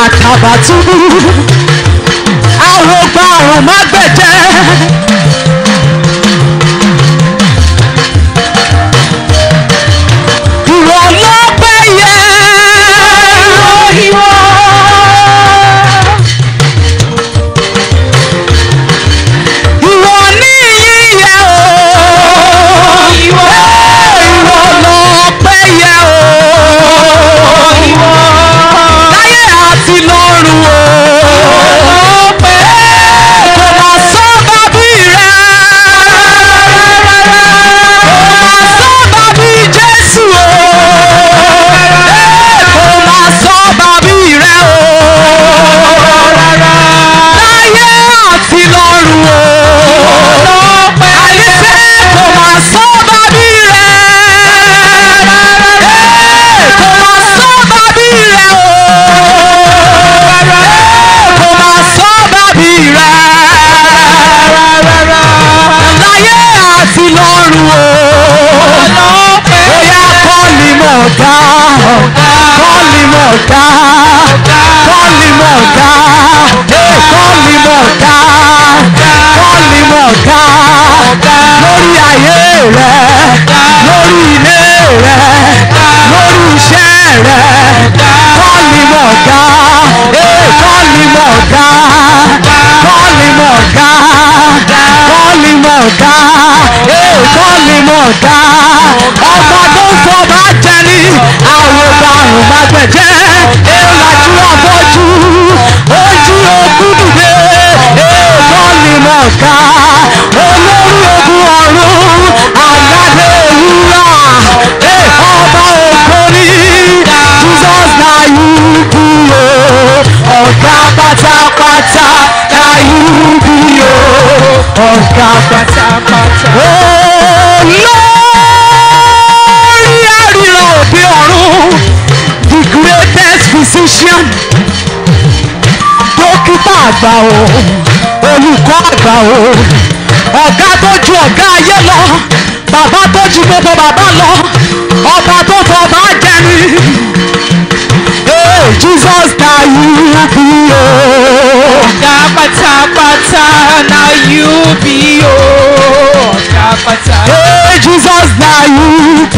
Àtàbàtúbú àrògbà ọ̀rọ̀ má gbẹ̀jẹ̀. ọ̀gá kọ́ọ̀lì mọ̀ ọ̀gá kọ́ọ̀lì mọ̀ ọ̀gá kọ́ọ̀lì mọ̀ ọ̀gá kọ́ọ̀lì mọ̀ ọ̀gá lórí ayé rẹ lórí ilé rẹ lórí iṣẹ́ rẹ kọ́ọ̀lì mọ̀ ọ̀gá kọ́ọ̀lì mọ̀ ọ̀gá kọ́ọ̀lì mọ̀ ọ̀gá kọ́ọ̀lì mọ̀ ọ̀gá kọ́ọ̀lì mọ̀ ọ̀gá ọba tó sọ àwọn ọ̀daràn má gbẹ̀jẹ́ èrò làjú àfọ́jú ojú ogun dìde èrò bọ́ọ̀lì mọ̀ọ́ká olórí ogun ọ̀run àyàdé wúrà ọba ògbóni Jesus na you be o ọ̀gá pátápátá na you o ọ̀gá pátápátá. àgbà o olùkọ́ àgbà o ọ̀gá tó ju ọ̀gá ayé lọ bàbá tó ju gbogbo bàbá lọ ọba tó fọba jẹni ee Jesus na you be o. ọ̀gá pátápátá na you be o. ọ̀gá pátápátá. ee Jesus na you be.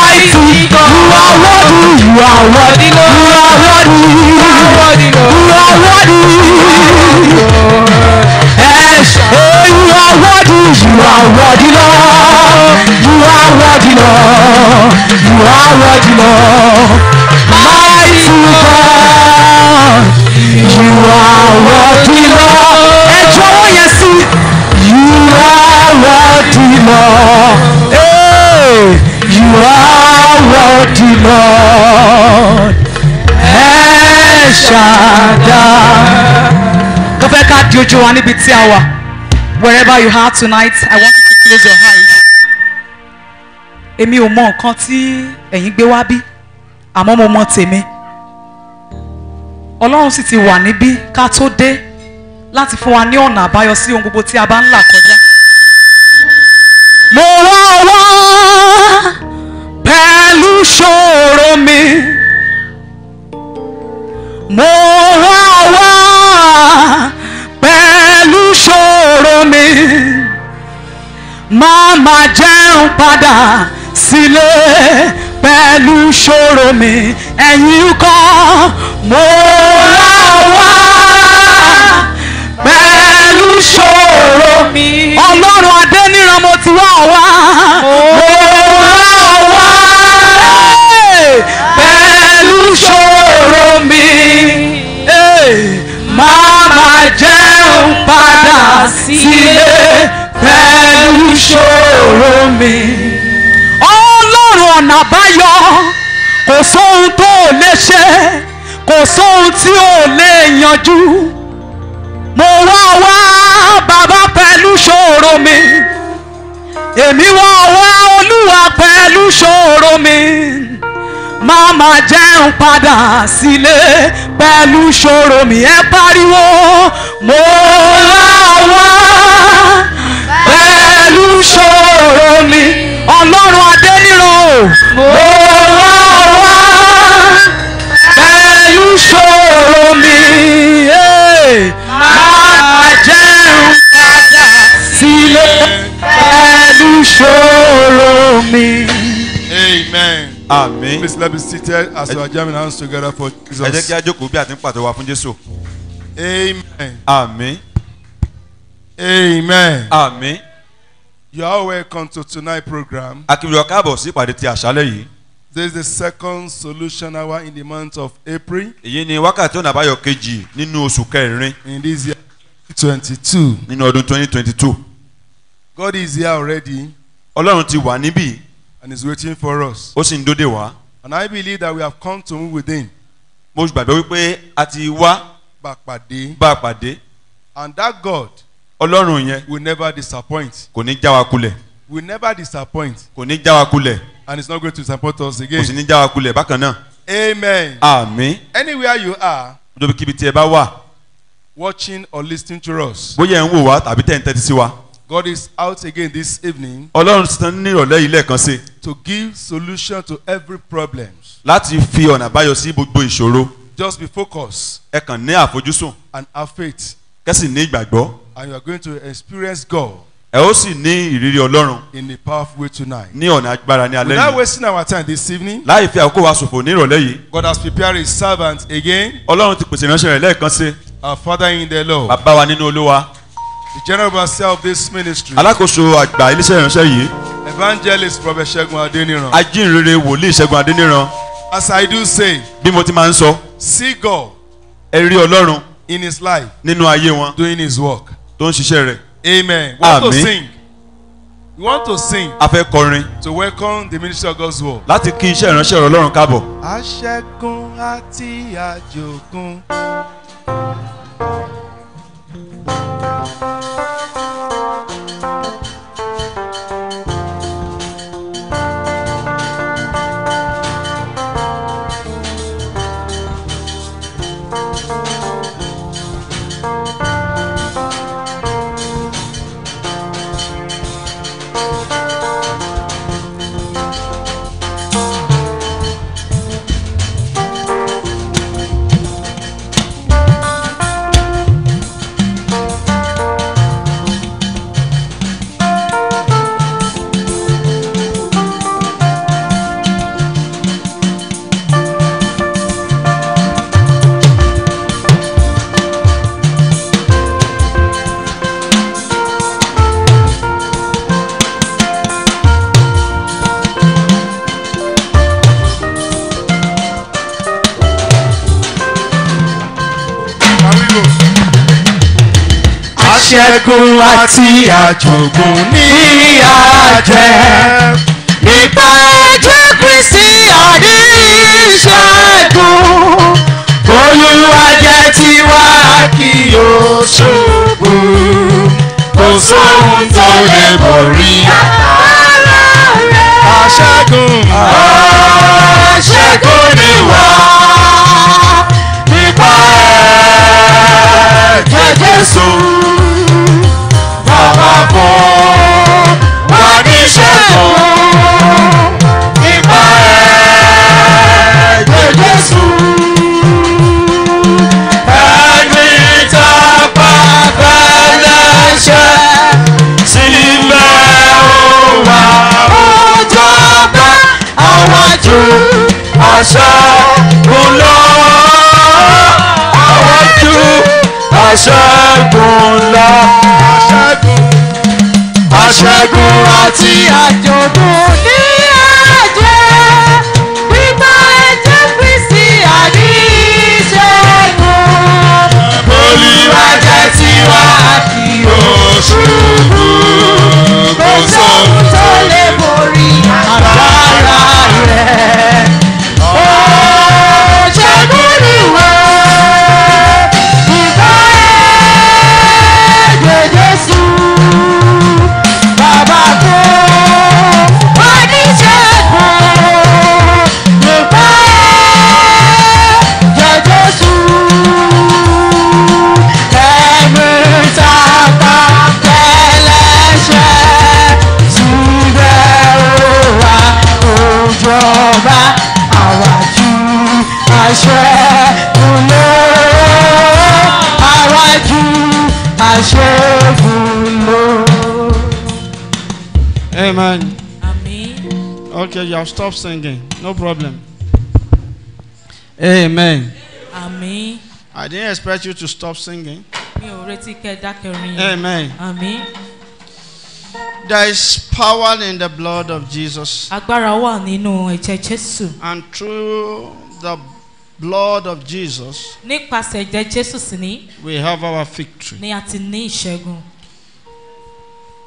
are worthy, you are worthy, you are worthy, you are worthy, you are worthy. Yes, hey, you are worthy, you are worthy, Lord, you are worthy, Lord, you are worthy, Lord. Mighty God, you are worthy, Lord. Ẹ jọ̀wọ́ yẹn sí, you are worthy, Lord. Lord El Shaddai. Mo fẹ́ ká di ojú wa níbi tí a wà. Wherever you are tonight, I want you to close your eyes. Èmi ò mọ nǹkan tí ẹ̀yin gbé wá bí, àmọ́ mo mọ tèmi. Ọlọ́run sì ti wà níbí ká tó dé láti fún wa ní ọ̀nà àbáyọ sí ohun gbogbo tí a bá ń là kọjá. Mo wá wá pẹ̀lú ṣòro mi mo wá wá pẹ̀lú ṣòro mi má má jẹun padà sílé pẹ̀lú ṣòro mi ẹ̀yin kọ́ mo wá wá pẹ̀lú ṣòro mi ọlọ́run adé níran mo ti wá wá mo wá. ìṣòro mi máa máa jẹun padà sílé pẹ̀lú ìṣòro mi. ọlọ́run ọ̀nà àbáyọ kò sóhun tó lè ṣe kò sóhun tí ò lè yanjú mo wá wá bàbá pẹ̀lú ìṣòro mi èmi wá wá olúwa pẹ̀lú ìṣòro mi má má jẹun padà sílé pẹ̀lú ṣòro mi ẹ pariwo mo láwa pẹ̀lú ṣòro mi ọlọ́run adéníro mo láwa pẹ̀lú ṣòro mi má má jẹun padà sílé pẹ̀lú ṣòro mi. Amen. Amen. Please let me sit here as we are jamming hands together for Jesus. Ẹ jẹ́ kí a bí a ń pàtó wa fún Jésù. Amen. Amen. Amen. Amen. You are welcome to tonight's program. Akínbíyọ̀ káàbọ̀ sí ìpàdé ti àṣálẹ̀ yìí. This is the second solution hour in the month of April. Èyí ni wákàtí ọ̀nà àbáyọ kejì nínú oṣù kẹrin. In this year twenty two. Nínú ọdún twenty twenty two. God is here already. Ọlọ́run ti wà níbí and is waiting for us. ó sì ń dóde wá. and I believe that we have come to move within. him. mo gbàgbọ́ wípé a ti wá. bá a pàdé. bá a pàdé. and that God. ọlọ́run yẹn. will never disappoint. kò ní já wa kulẹ̀. will never disappoint. kò ní já wa kulẹ̀. and he is not going to disappoint us again. kò sì ní já wa kulẹ̀ bákan náà. amen. àmín. anywhere you are. dóbi kíbi tí ẹ bá wà. watching or listening to us. bóyá ẹ ń wò wá tàbí tẹ̀ ń tẹ́tí sí wa. God is out again this evening. Ọlọ́run ti tán ní ìrọ̀lẹ́ yìí lẹ́ẹ̀kan sí. To give solution to every problem. Láti fi ọ̀nà àbáyọ sí gbogbo ìṣòro. Just be focused. Ẹ kàn ní àfojúsùn. And have faith. Kẹ́sì ní ìgbàgbọ́. And you are going to experience God. Ẹ ó sì ní ìrírí Ọlọ́run. In a powerful way tonight. Ní ọ̀nà agbára ní alẹ́ yìí. Without wasting our time this evening. Láì fi àkókò wa ṣòfò ní ìrọ̀lẹ́ yìí. God has prepared his servant again. Ọlọ́run ti pèsè ìránṣẹ́ rẹ̀ lẹ́ẹ̀kan sí. Our father in the Lord. Bàbá wa nínú Olúwa. The general overseer of this ministry. Alákòóso àgbà iléeṣẹ́ ìránṣẹ́ yìí. Evangelist Prophet Ṣẹ́gun Adéníran. Ajínrere wòlíì Ṣẹ́gun Adéníran. As I do say. Bí mo ti máa ń sọ. See God. Ẹ rí Ọlọ́run. In his life. Nínú ayé wọn. Doing his work. Tó ń ṣiṣẹ́ rẹ̀. Amen. We want to sing. We want to sing. A fẹ́ kọrin. To welcome the ministry of God's word. Láti kí iṣẹ́ ìránṣẹ́ Ọlọ́run káàbọ̀. Aṣẹ́gun àti àjògùn. Thank you. ìṣẹ́gun àti àjọ̀gbọ́n ní àjẹ́. Nípa ẹ̀jẹ̀ Kristi àní ìṣẹ́gun. Olúwa jẹ́ tiwa kí yóò ṣubú. Kò sóhun tó lè borí àpárá rẹ̀. Àṣẹ́gun. Àṣẹ́gun ni wá. Nípa ẹ̀jẹ̀ Jésù. jésù aṣẹ́gun lọ àwọn jù aṣẹ́gun lọ aṣẹ́gun àti àjọ̀dún ní ẹ̀jẹ̀ pípa ẹ̀jẹ̀ Kristi àníṣẹ́gun olùwàjẹ́ tiwa kì í oṣù. ìjọba àwàjú àṣẹ kúnlẹ̀ àwàjú àṣẹ kúnlẹ̀. Amen. Amen. Okay, you have stopped singing. No problem. Amen. Amen. I didn't expect you to stop singing. Mi ò retí kẹ́ dákẹ́ orin yẹn. Amen. Amen. There is power in the blood of Jesus. Agbára wà nínú ẹ̀jẹ̀ Jésù. And through the blood of Jesus. Nípasẹ̀ ẹ̀jẹ̀ Jésù sì ni. We have our victory. Ni a ti ní ìṣẹ́gun.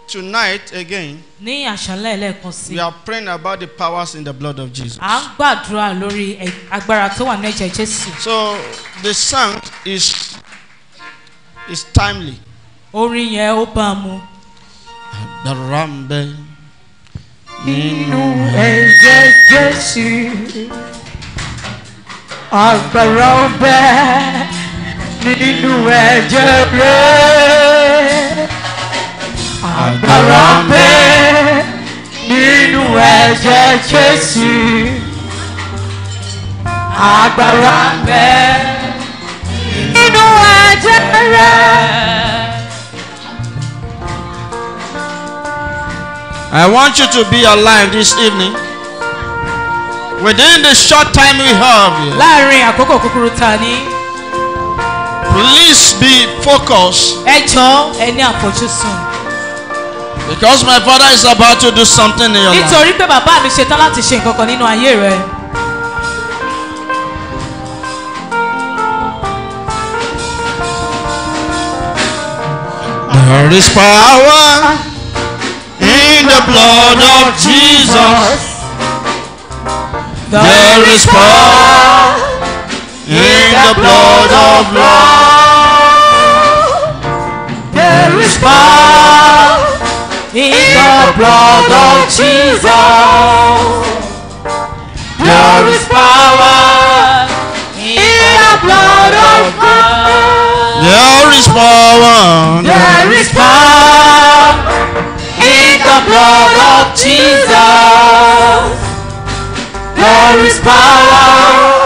Tonight again. Ní àṣálẹ̀ lẹ́ẹ̀kan sí. We are praying about the powers in the blood of Jesus. À ń gbàdúrà lórí agbára tó wà ní ẹ̀jẹ̀ Jésù. So the song is is timely. Orin yẹn ó bá a mu. àdàràǹbẹ nínú ẹ̀jẹ̀ Jésù agbára ọbẹ nínú ẹ̀jẹ̀ rẹ̀ agbára ọbẹ nínú ẹ̀jẹ̀ Jésù agbára ọbẹ nínú ẹ̀jẹ̀ rẹ̀. I want you to be alive this evening. Within the short time we have here. Láàárín àkókò kúkúrú ta ni. Please be focused. Ẹ jọ ẹ ní àfojúsùn. Because my father is about to do something in your life. Nítorí pé bàbá mi ṣetán láti ṣe nǹkan kan nínú ayé rẹ. There is power. Ah. in the blood of Jesus there is power in the blood of love. There is power in the blood of Jesus. There is power in the blood of love. There is power. There is power. blood of Jesus. There is power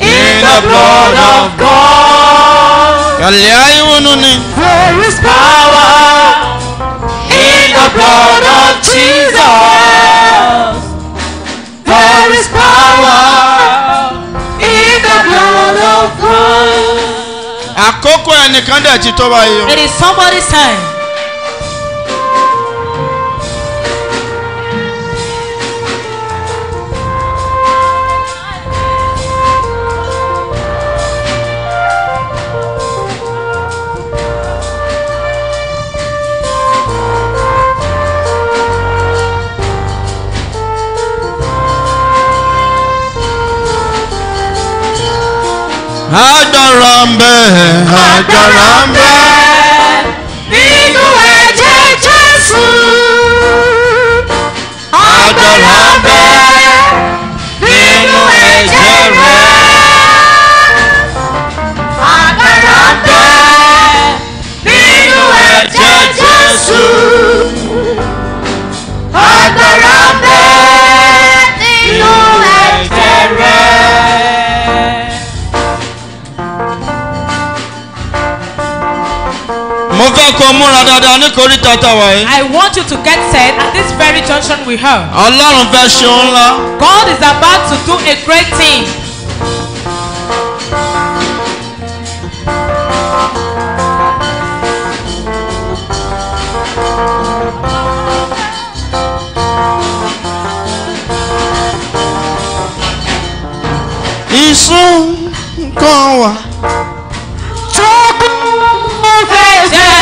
in the blood of God. There is power in the blood of Jesus. There is power in the blood of God. Àkókò ẹnìkan dẹ̀ ti tó báyìí. It is somebody's time. agbára ń bẹ agbára ń bẹ nínú ẹ̀jẹ̀ Jésù agbára ń bẹ. múra dáadáa ní koríta tàwa yìí. I want you to get set at this very junction with her. Ọlọ́run fẹ́ ṣe ohun ńlá. God is about to do a great thing. ìsún kan wà. tó kún fẹ́ jẹ́.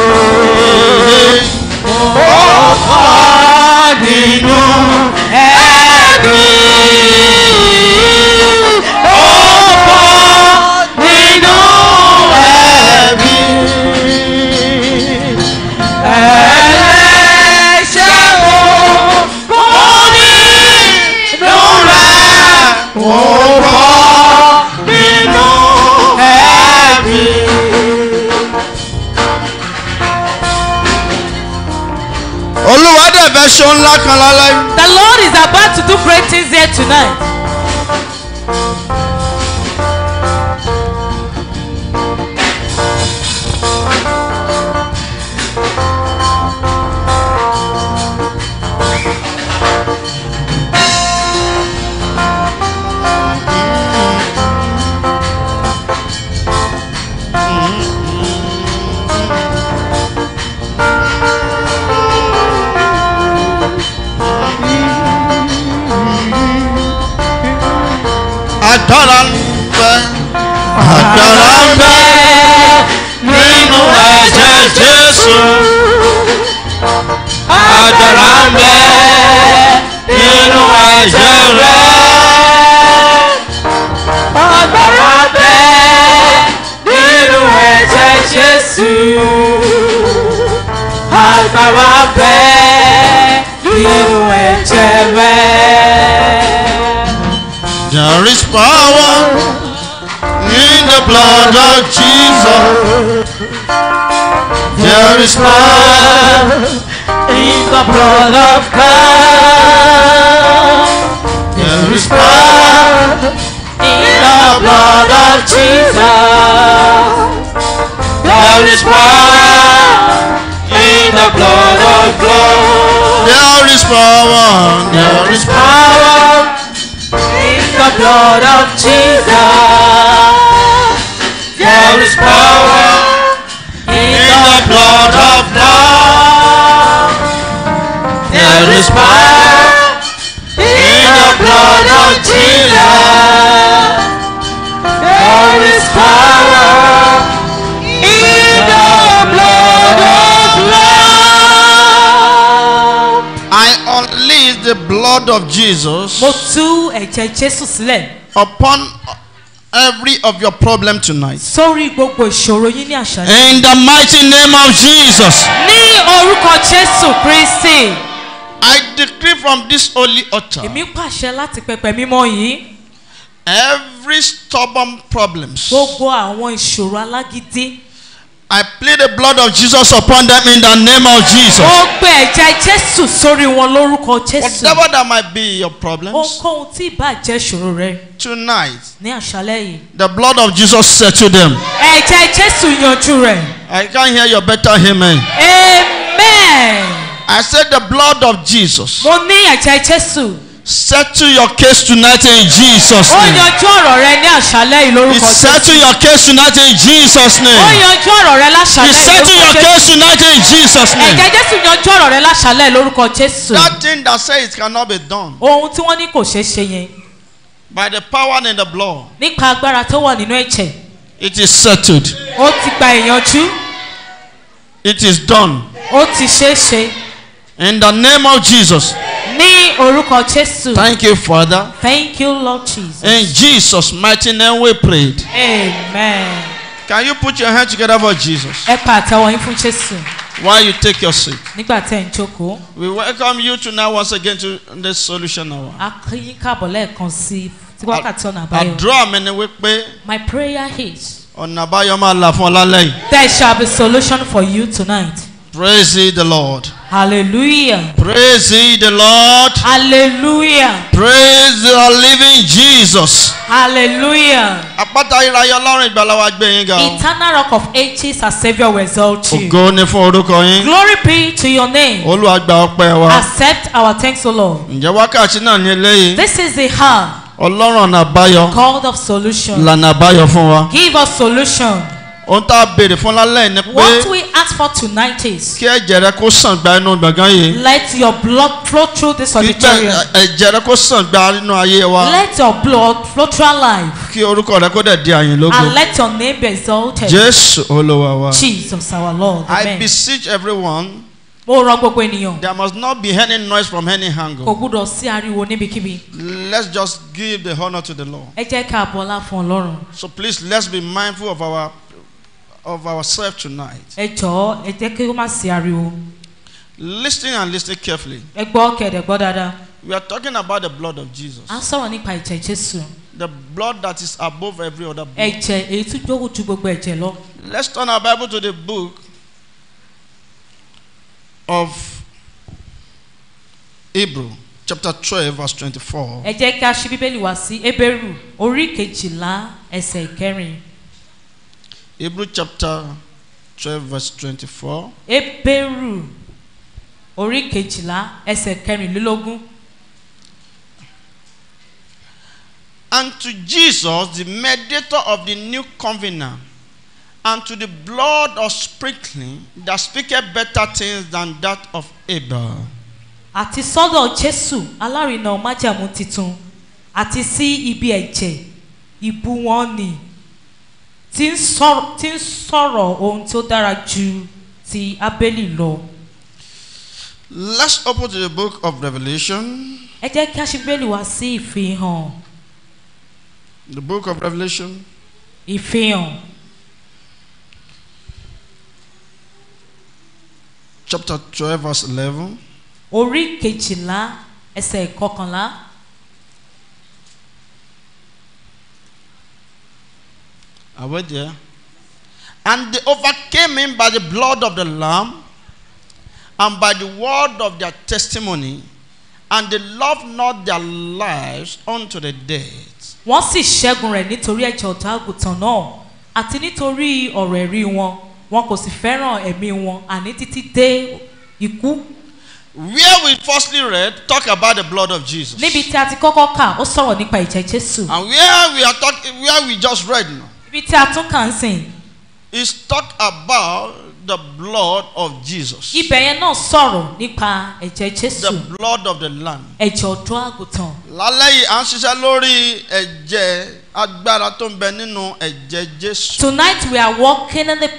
The Lord is about to do great things here tonight. agbára ń bẹ Jesus. ẹ̀jẹ̀ Jésù agbára ń bẹ nínú ẹ̀jẹ̀ rẹ agbára ń bẹ nínú ẹ̀jẹ̀ Jésù agbára There is power. blood of Jesus. There is power in the blood of Christ. There is power in the blood of Jesus. There is power in the blood of God. There is power. There is power in the blood of Jesus. There is power in the blood of love. There is power in the blood of Jesus. There is power in the blood of love. I unleash the blood of Jesus upon every of your problem tonight. sórí gbogbo ìṣòro yín ní àṣálẹ́. in the mighty name of Jesus. ní orúkọ Jésù Kristi. I decree from this holy altar. èmi pàṣẹ láti pẹpẹ mímọ́ yìí. every stubborn problems. gbogbo àwọn ìṣòro alágídí. I plead the blood of Jesus upon them in the name of Jesus. Ó gbé ẹ̀jẹ̀ Jésù sórí wọn lórúkọ Jésù. Whatever that might be your problems. Ohunkóhun tí ìbá jẹ́ ìṣòro rẹ. Tonight. Ní àṣálẹ́ yìí. The blood of Jesus settle them. Ẹ̀jẹ̀ Jésù yanjú rẹ̀. I can hear your better amen. Amen. I said the blood of Jesus. Mo ní ẹ̀jẹ̀ Jésù settle your case tonight in Jesus name. ó yanjú ọ̀rọ̀ rẹ ní àṣálẹ́ ìlórúkọ jésù. settle your case tonight in Jesus name. ó yanjú ọ̀rọ̀ rẹ láṣálẹ́ ìlórúkọ jésù. settle your case tonight in Jesus name. ẹ̀jẹ̀ jésù yanjú ọ̀rọ̀ rẹ láṣálẹ́ ìlórúkọ jésù. that thing that say it cannot be done. ohun tí wọ́n ní kò ṣeé ṣe yẹn. by the power in the blood. nípa agbára tó wà nínú ẹ̀jẹ̀. it is settled. ó ti gba ìyanjú. it is done. ó ti ṣeé ṣe. in the name of Jesus. Ní orúkọ Jésù. Thank you Father. Thank you Lord Jesus. In Jesus mighty name we pray. Amen. Can you put your hand together for Jesus? Ẹ pa àtẹ́wọ́ yín fún Jésù. While you take your seat. Nígbà tẹ́ ń jókòó. We welcome you to now once again to this solution hour. A kí yín káàbọ̀ lẹ́ẹ̀kan sí tí wákàtí ọ̀nà àbáyọ. Àdúrà mi ni wípé. My prayer is. Ọ̀nà àbáyọ máa là fún ọ lálẹ́ yìí. There shall be solution for you tonight. Praise the Lord. Hallelujah. Praise the Lord. Hallelujah. Praise the living Jesus. Hallelujah. Àpáta ìrayọ̀ Ọlọ́run ìgbàlà gbé yín ga. Eternal rock of ages our saviour will exalt you. Ògo ni fún orúkọ yín. Glory be to your name. Olúwa gba wa. Accept our thanks o Lord. Ǹjẹ́ wákàtí náà ni eléyìí? This is the hour. Ọlọ́run ọ̀nà àbáyọ. God of solution. Lànà àbáyọ fún wa. Give us solution ohun tá a béèrè fún lálẹ́ ni pé. what we ask for tonight is. kí ẹ̀jẹ̀ rẹ kó sàn gba inú gbọ̀ngàn yìí. let your blood flow through this auditorium. kí ẹ̀jẹ̀ rẹ kó sàn gba inú ayé wa. let your blood flow through our life. kí orúkọ rẹ kó dẹ̀ di àyìn lógo. and let your name be exalted. jésù olúwa jesus our lord amen. i beseech everyone. Mo rọ gbogbo ènìyàn. There must not be any noise from any angle. Kò gbúdọ̀ sí ariwo níbikíbi. Let's just give the honour to the Lord. Ẹ jẹ́ ká bọ́lá fún Ọlọ́run. So please let's be mindful of our of ourselves tonight. ẹ jọ̀ọ́ ẹ jẹ́ kí ó má sí ariwo. Listen and listen carefully. ẹ gbọ́ kẹ̀dẹ̀ gbọ́ dáadáa. We are talking about the blood of Jesus. à sọ̀rọ̀ nípa ẹ̀jẹ̀ Jésù. The blood that is above every other blood. ẹ̀jẹ̀ èyí tó jókòó ju gbogbo ẹ̀jẹ̀ lọ. Let's turn our Bible to the book of Hebrew chapter twelve verse twenty-four. ẹ jẹ́ kí a ṣí Bíbélì wá sí Hébérù orí kejìlá ẹsẹ̀ ìkẹrin. Hebrew chapter twelve verse twenty-four. Hébérù orí kejìlá ẹsẹ̀ kẹrìnlélógún. And to Jesus, the mediator of the new covenant, and to the blood of sprinkling that speaketh better things than that of Abel. Àti sọ́dọ̀ Jésù alárinà májàmú titun àti sí ibi ẹ̀jẹ̀ ìbú wọn ni tí ń sọ̀rọ̀ ohun tó dára ju ti Ábélì lọ. Let's open to the book of Revelation. Ẹ jẹ́ kí a ṣí Bíbélì wá sí ìfihàn. The book of Revelation. Ìfihàn. Chapter twelve verse eleven. Orí kejìlá ẹsẹ̀ kọkànlá. And they overcame him by the blood of the Lamb and by the word of their testimony, and they loved not their lives unto the death. Wọ́n sì ṣẹ́gun rẹ̀ nítorí ẹ̀jẹ̀ ọ̀tá àgùntàn náà àti nítorí ọ̀rọ̀ ẹ̀rí wọn. Wọn kò sì fẹ́ràn ẹ̀mí wọn àní títí dé ikú. Where we firstly read talk about the blood of Jesus. Níbi tí a ti kọ́kọ́ kà, ó sọ̀rọ̀ nípa ìjẹ́ Jésù. And where we are talking, where we just read now. Ibi tí a tún kàn sìn. It's talked about the blood of Jesus. Ibẹ̀ yẹn náà sọ̀rọ̀ nípa ẹ̀jẹ̀ Jésù. The blood of the lamb. Ẹ̀jẹ̀ ọ̀dọ́ àgùntàn. Lálẹ́ yìí, à ń ṣiṣẹ́ lórí ẹ̀jẹ̀ agbára tó ń bẹ nínú ẹ̀jẹ̀ Jésù. Tonight we are walking in the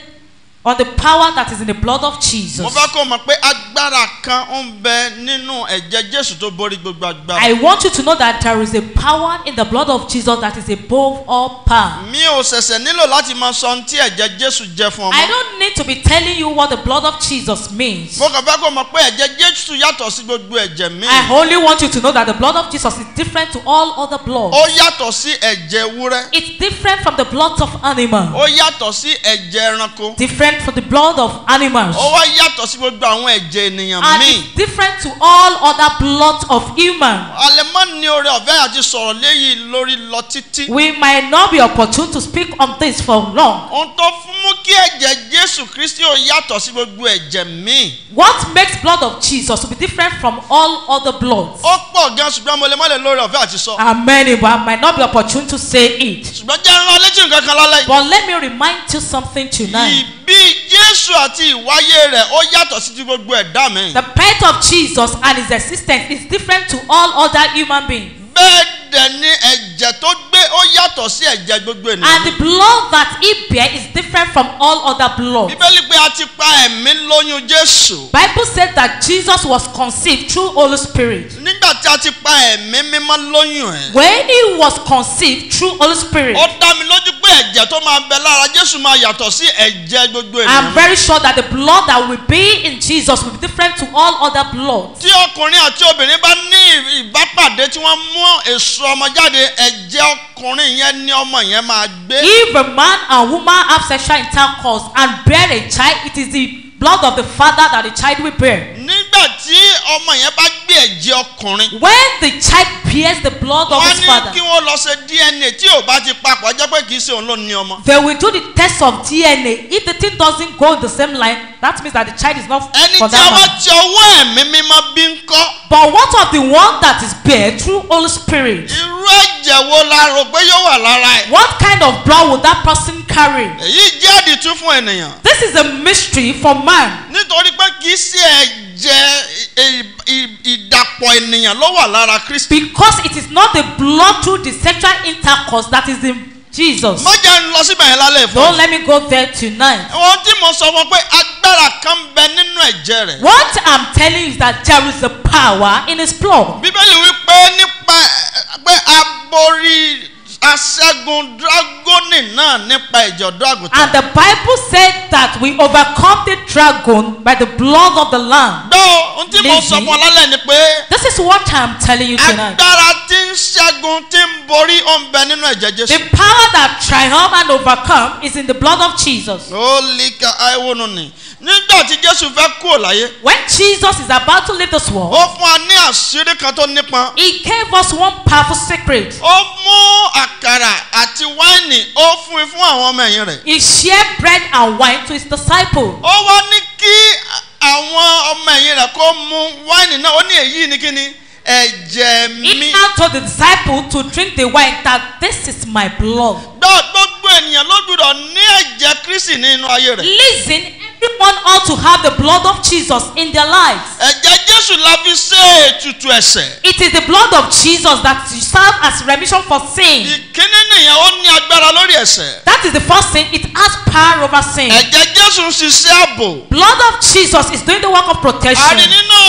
on the power that is in the blood of Jesus. mo fẹ́ kó mọ̀ pé agbára kan ń bẹ nínú ẹ̀jẹ̀ Jésù tó borí gbogbo agbára. I want you to know that there is a power in the blood of Jesus that is above all power. mi ò ṣẹ̀ṣẹ̀ nílò láti máa sọ ohun tí ẹ̀jẹ̀ Jésù jẹ́ fún ọmọ. I don't need to be telling you what the blood of Jesus means. mo kàn fẹ́ kó mọ̀ pé ẹ̀jẹ̀ Jésù yàtọ̀ sí gbogbo ẹ̀jẹ̀ mi. I only want you to know that the blood of Jesus is different to all other blood. ó yàtọ̀ sí ẹ̀jẹ̀ ewúrẹ́. It's different from the blood of animal. ó yàtọ̀ sí ẹ̀jẹ̀ ẹranko. different different from the blood of animals. ó wá yàtọ̀ sí gbogbo àwọn ẹ̀jẹ̀ ènìyàn míì. and it's different to all other blood of humans. àlẹ́mọ́ ni oore ọ̀fẹ́ àti sọ̀rọ̀ léyìí lórí lọ títí. we might not be opportune to speak on this for long. ohun tó fún kí ẹ̀jẹ̀ Jésù Kristi ó yàtọ̀ sí gbogbo ẹ̀jẹ̀ míì. What makes blood of Jesus to be different from all other bloods? Ó pọ̀ gan ṣùgbọ́n mo lè má lórí ọ̀fẹ́ àti sọ. Amen but I might not be opportune to say it. Ṣùgbọ́n jẹ́ rán létí nǹkan kan lálẹ́. But let me remind you something tonight. Ìbí Jésù àti ìwáyé rẹ̀ ó yàtọ̀ sí ti gbogbo ẹ̀dá mi. The birth of Jesus and his existence is different to all other human beings. Bẹ́ẹ̀ dẹ̀ ni ẹ̀jẹ̀ tó gbé ó yàtọ̀ sí ẹ̀jẹ̀ gbogbo ènìyàn. and the blood that he bear is different from all other blood. bíbélì pé a ti pa ẹ̀mí lóyún jésù. bible said that jesus was conceived through holy spirit. nígbà tí a ti pa ẹ̀mí mímọ́ lóyún ẹ̀. when he was conceived through holy spirit. ó dá mi lójú pé ẹ̀jẹ̀ tó máa bẹ lára jésù máa yàtọ̀ sí ẹ̀jẹ̀ gbogbo ènìyàn. i'm very sure that the blood that will be in jesus will be different to all other blood. tí ọkùnrin àti obìnrin bá ní ìbápàdé tí wọ́n mú èso sọ ọmọ jáde ọkùnrin yẹn ní ọmọ yẹn máa gbé. if a man and woman have sexual intercourse and bear a child it is the blood of the father that the child will bear. ní nígbà tí ọmọ yẹn bá gbé ẹ̀jẹ̀ ọkùnrin. when the child bears the blood of his father. wọ́n ní kí wọ́n lọ ṣe DNA tí ò bá ti papọ̀ jẹ́ pé kì í ṣe òun ló ní ọmọ. they will do the test of DNA if the thing doesn't go in the same line that means that the child is not for that one. ẹni tí wọ́n ti ọwọ́ ẹ̀mí mímọ́ bí ń kọ́. but what of the one that is bare through holy spirit. irú ẹ̀jẹ̀ wo la rò pé yóò wà lára ẹ̀. what kind of blood would that person carry. èyí jẹ́ àdìtú fún ènìyàn. this is a mystery for man. nítorí pé kì í ṣe ẹ̀jẹ̀ ẹ̀jẹ̀ ìdàpọ̀ ènìyàn ló lára Kristi. because it is not the blood through the sexual intercourse that is in Jesus. má jẹ́ lọ síbẹ̀ yẹn lálẹ́ fún. don't let me go there tonight. ohun tí mo sọ fún pé agbára kan bẹ nínú ẹ̀jẹ̀ rẹ̀. what I'm telling you is that there is a power in his blood. Bíbélì wí nípa pé a aṣẹ́gun dragoni náà nípa ìjọ̀dọ̀ àgùntàn. and the bible said that we overcome the dragon by the blood of the lamb. dọ́ ohun tí mo sọ fún ọ lálẹ́ ni pé. this is what I am telling you tonight. agbára tí ń ṣẹ́gun tí ń borí ó ń bẹ nínú ẹ̀jẹ̀ Jésù. the power that triumph and overcome is in the blood of Jesus. ó lè ka àìwònú ni nígbà tí Jésù fẹ́ kúrò láyé. when Jesus is about to leave this world. ó fún wa ní àṣírí kan tó nípọn. he gave us one powerful secret. ó mú àkàtà àkàrà àti wáìnì ó fún fún àwọn ọmọ ẹ̀yìn rẹ̀. he shared bread and wine to his disciples. ó wá ní kí àwọn ọmọ ẹ̀yìn rẹ̀ kó mu wáìnì náà ó ní èyí ni kí ni ẹ̀jẹ̀ mi. he now told the disciples to drink the wine that this is my blood. gbọ́ gbọ́ ènìyàn ló gbúdọ̀ ní ẹ̀jẹ̀ Kristi nínú ayé rẹ̀. Listen, everyone ought to have the blood of Jesus in their lives. Ẹ̀jẹ̀ Jésù la fi ṣe ètùtù ẹ̀ṣẹ̀. It is the blood of Jesus that serves as remission for sin. Ìkíní nìyẹn ó ní agbára lórí ẹ̀ṣẹ̀. That is the first thing, it has power over sin. Ẹ̀jẹ̀ Jésù ń ṣiṣẹ́ ààbò. Blood of Jesus is doing the work of protection. A rí nínú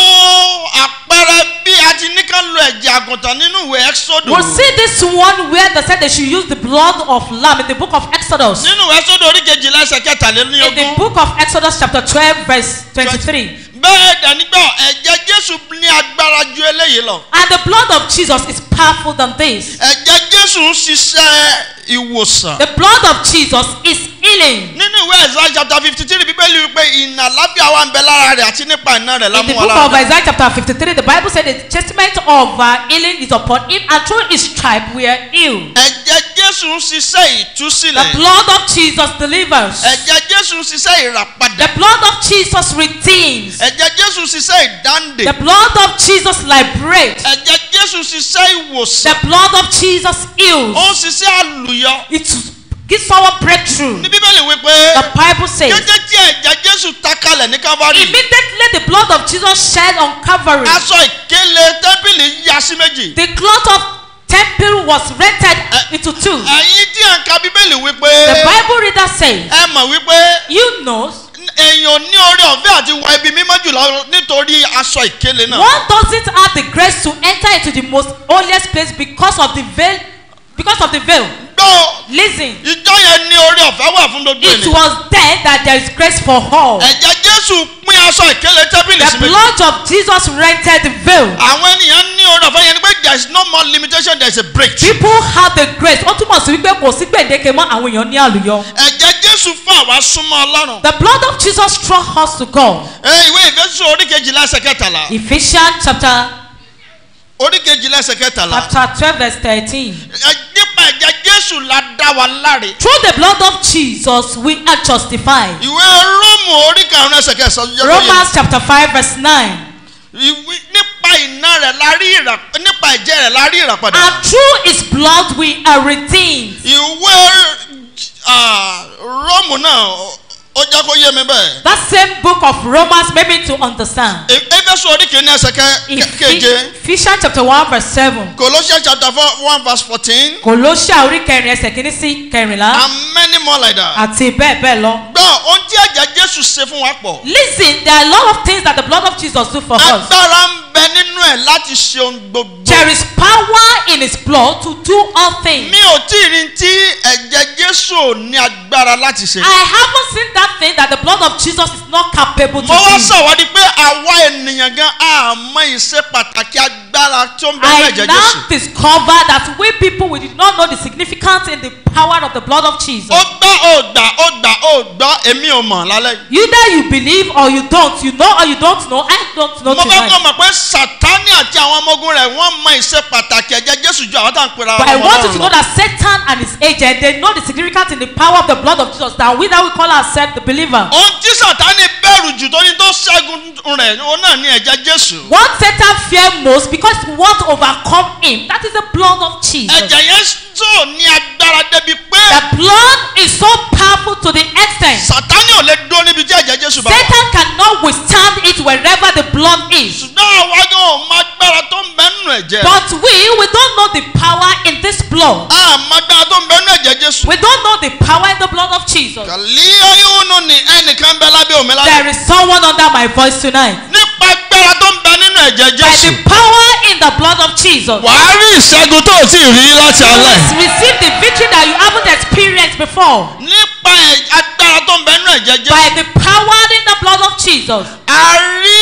àpẹẹrẹ a ti ní ká lo ẹ̀jẹ̀ àgùntàn nínú ìwé Exodus. we see this one where they said they should use the blood of lamb in the book of Exodus. nínú ìwé Exodus orí kejìlá ẹsẹ̀ kẹtàlélógún. in the book of Exodus chapter twelve verse twenty-three. bẹ́ẹ̀ dànígbà ẹ̀jẹ̀ Jésù ní agbára ju eléyìí lọ. and the blood of Jesus is powerful than this. ẹ̀jẹ̀ Jésù ń ṣiṣẹ́ ìwòsàn. the blood of Jesus is healing. nínú ìwé Isaiah chapter fifty three bíbélì wípé ìnà àlàáfíà wà ń bẹ lára rẹ̀ àti nípa iná rẹ̀ lámú wa in the book of Isaiah chapter fifty three the bible said the testament of uh, healing is upon him and through his tribe we are healed. ẹ̀jẹ̀ Jésù ṣiṣẹ́ ìtúsílẹ̀. the blood of Jesus delivers. ẹ̀jẹ̀ Jésù ṣiṣẹ́ ìràpadà. the blood of Jesus retains. ẹ̀jẹ̀ Jésù ṣiṣẹ́ ìdáǹdè. the blood of Jesus liberates. ẹ̀jẹ̀ Jésù ṣiṣẹ́ ìwòsàn. the blood of Jesus heals. ó ṣiṣẹ́ àlùyọ. it This our breakthrough. Ní Bíbélì wí The bible says. Kété tí ẹ̀jẹ̀ Jésù ta kalẹ̀ ní Calvary. Immediately the blood of Jesus shed on Calvary. Aṣọ ìkélé tẹ́ḿpìlì ya méjì. The cloth of temple was rented into two. Ẹ̀yin tí à Bíbélì wí The bible reader says. Ẹ mọ̀ wí You know èèyàn ní orí ọ̀fẹ́ àti wọ ibi mímọ́ jùlọ nítorí aṣọ ìkélé náà. one doesn't have the grace to enter into the most holiest place because of the veil because of the veil. No. listen. ìjọ yẹn ní orí ọ̀fẹ́ wà fún gbogbo ènìyàn. it was there that there is grace for all. ẹ̀jẹ̀ jésù pín aṣọ ìkélé tábìlì sí méjì. the blood of Jesus rented the veil. àwọn ènìyàn ní orí ọ̀fẹ́ yẹn ni pé there is no more limitation there is a break. people have the grace ó túmọ̀ sí wípé kò sí gbèdéke mọ́ àwọn èèyàn ní àlùyọ. ẹ̀jẹ̀ jésù fà wá súnmọ́ ọlọ́run. the blood of Jesus draw us to God. ìwé ìfésù orí kejìlá ẹsẹ̀ kẹtàlá. Ephesians chapter orí kejìlá kẹtàlá. chapter twelve verse thirteen. nípa ẹ̀jẹ̀ Jésù la dá wa láre. through the blood of Jesus we are justified. ìwé Róòmù orí karùn ẹsẹ̀ kẹsàn-án. Romans chapter five verse nine nípa iná rẹ̀ la rí ìrà nípa ẹ̀jẹ̀ rẹ̀ la rí ìràpadà. and through his blood we are redeemed. ìwé ah, Róòmù náà ó jẹ́ kó yé mi bẹ́ẹ̀. that same book of romans made me to understand. E-, efesu orí kìíní ẹsẹ̀ ephesians chapter one verse seven. colossians chapter four one verse fourteen. colossians orí kẹrin ẹsẹ̀ kìíní sí kẹrìnlá. and many more like that. àti bẹ́ẹ̀ bẹ́ẹ̀ lọ. gbọ́ ohun tí ẹ̀jẹ̀ jésù ṣe fún wa pọ̀. lis there are a lot of things that the blood of jesus do for us. agbára ń bẹ nínú ẹ̀ láti ṣe ohun gbogbo. there is power in his blood to do all things. mi ò tí ì rí tí ẹ̀jẹ̀ jésù ní agbára láti ṣe. i haven't seen that that thing that the blood of Jesus is not capable to do. mo wá sọ̀rọ̀ di pé àwa ènìyàn gan àmọ́ ìṣe pàtàkì agbára tó ń bẹ̀rẹ̀ jẹjẹsì. I now discover that we people we did not know the significance in the power of the blood of Jesus. ó gbọ́ ó gbà ó gbà ó gbọ́ èmi ò mọ̀ lálẹ́. either you believe or you don't you know or you don't know I don't know tonight. mo bá kọ́ mọ̀ pé sàtánì àti àwọn ọmọ rẹ̀ wọ́n mọ ìṣe pàtàkì ẹ̀jẹ̀ Jésù ju àwọn tá à ń pera wọn lọ. but I want you to know that Satan and his agent they know the significance in the power of the blood of Jesus that we we call ourselves the believer. bẹ̀rù jù torí tó ṣẹ́gun rẹ̀ òun náà ni ẹ̀jẹ̀ Jésù. what Satan fear most because what overcome him that is the blood of Jesus. ẹ̀jẹ̀ yẹn tó ní agbára débi pé. the blood is so powerful to the extent. Sátánì ò lè dúró níbi tí ẹ̀jẹ̀ Jésù bá Satan cannot withstand it wherever the blood is. ṣùgbọ́n àwa yóò máa agbára tó ń bẹ nínú ẹ̀jẹ̀. but we we don't know the power in this blood. a máa agbára tó ń bẹ nínú ẹ̀jẹ̀ Jésù. we don't know the power in the blood of Jesus. kàlí ayé òun ni ẹnìkan bẹ lábẹ́ òmìnira is someone under my voice tonight. nípa agbára tó ń bẹ nínú ẹ̀jẹ̀ Jésù. by the power in the blood of Jesus. wàá rí ìṣẹ́gun tó o ti rí láti alẹ́. you must receive the victory that you haven't experienced before. nípa agbára tó ń bẹ nínú ẹ̀jẹ̀ Jésù. by the power in the blood of Jesus. a rí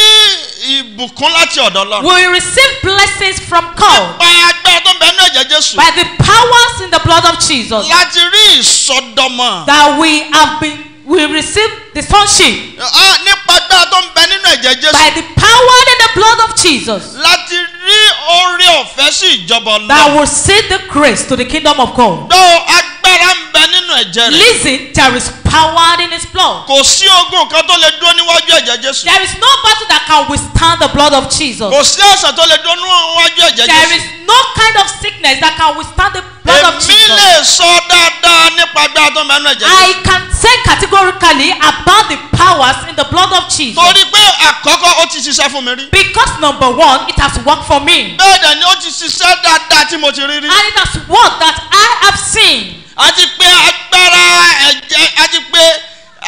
ìbùkún láti ọ̀dọ̀ lọ. we receive blessings from God. nípa agbára tó ń bẹ nínú ẹ̀jẹ̀ Jésù. by the powers in the blood of Jesus. láti rí ìsọdọmọ. that we have been we receive the sonship. nípa agbára tó ń bẹ nínú ẹ̀jẹ̀ Jésù. by the power and the blood of Jesus. láti rí oore ọ̀fẹ́ sí ìjọba Ọlọ́run. that will see the grace to the kingdom of God. tó agbára ń bẹ nínú ẹ̀jẹ̀ rẹ̀. listen there is power in his blood. kò sí ogun kan tó lè dúró níwájú ẹ̀jẹ̀ Jésù. there is no battle that can withstand the blood of Jesus. kò sí àṣà tó lè dúró níwájú ẹ̀jẹ̀ Jésù. there is no kind of sickness that can withstand the blood of Jesus. èmi lè sọ dáadáa nípa agbára tó ń bẹ nínú ẹ̀jẹ̀ Jésù. I can say categorically about the powers in the blood of Jesus. torí pé àkọ́kọ́ ó ti ṣiṣẹ́ fún mi rí. because number one it has worked for me. bẹ́ẹ̀ dẹ̀ ni ó ti ṣiṣẹ́ dáadáa tí mo ti rí rí. and it has worked that I have seen. a pé agbára ẹ̀jẹ̀ a pé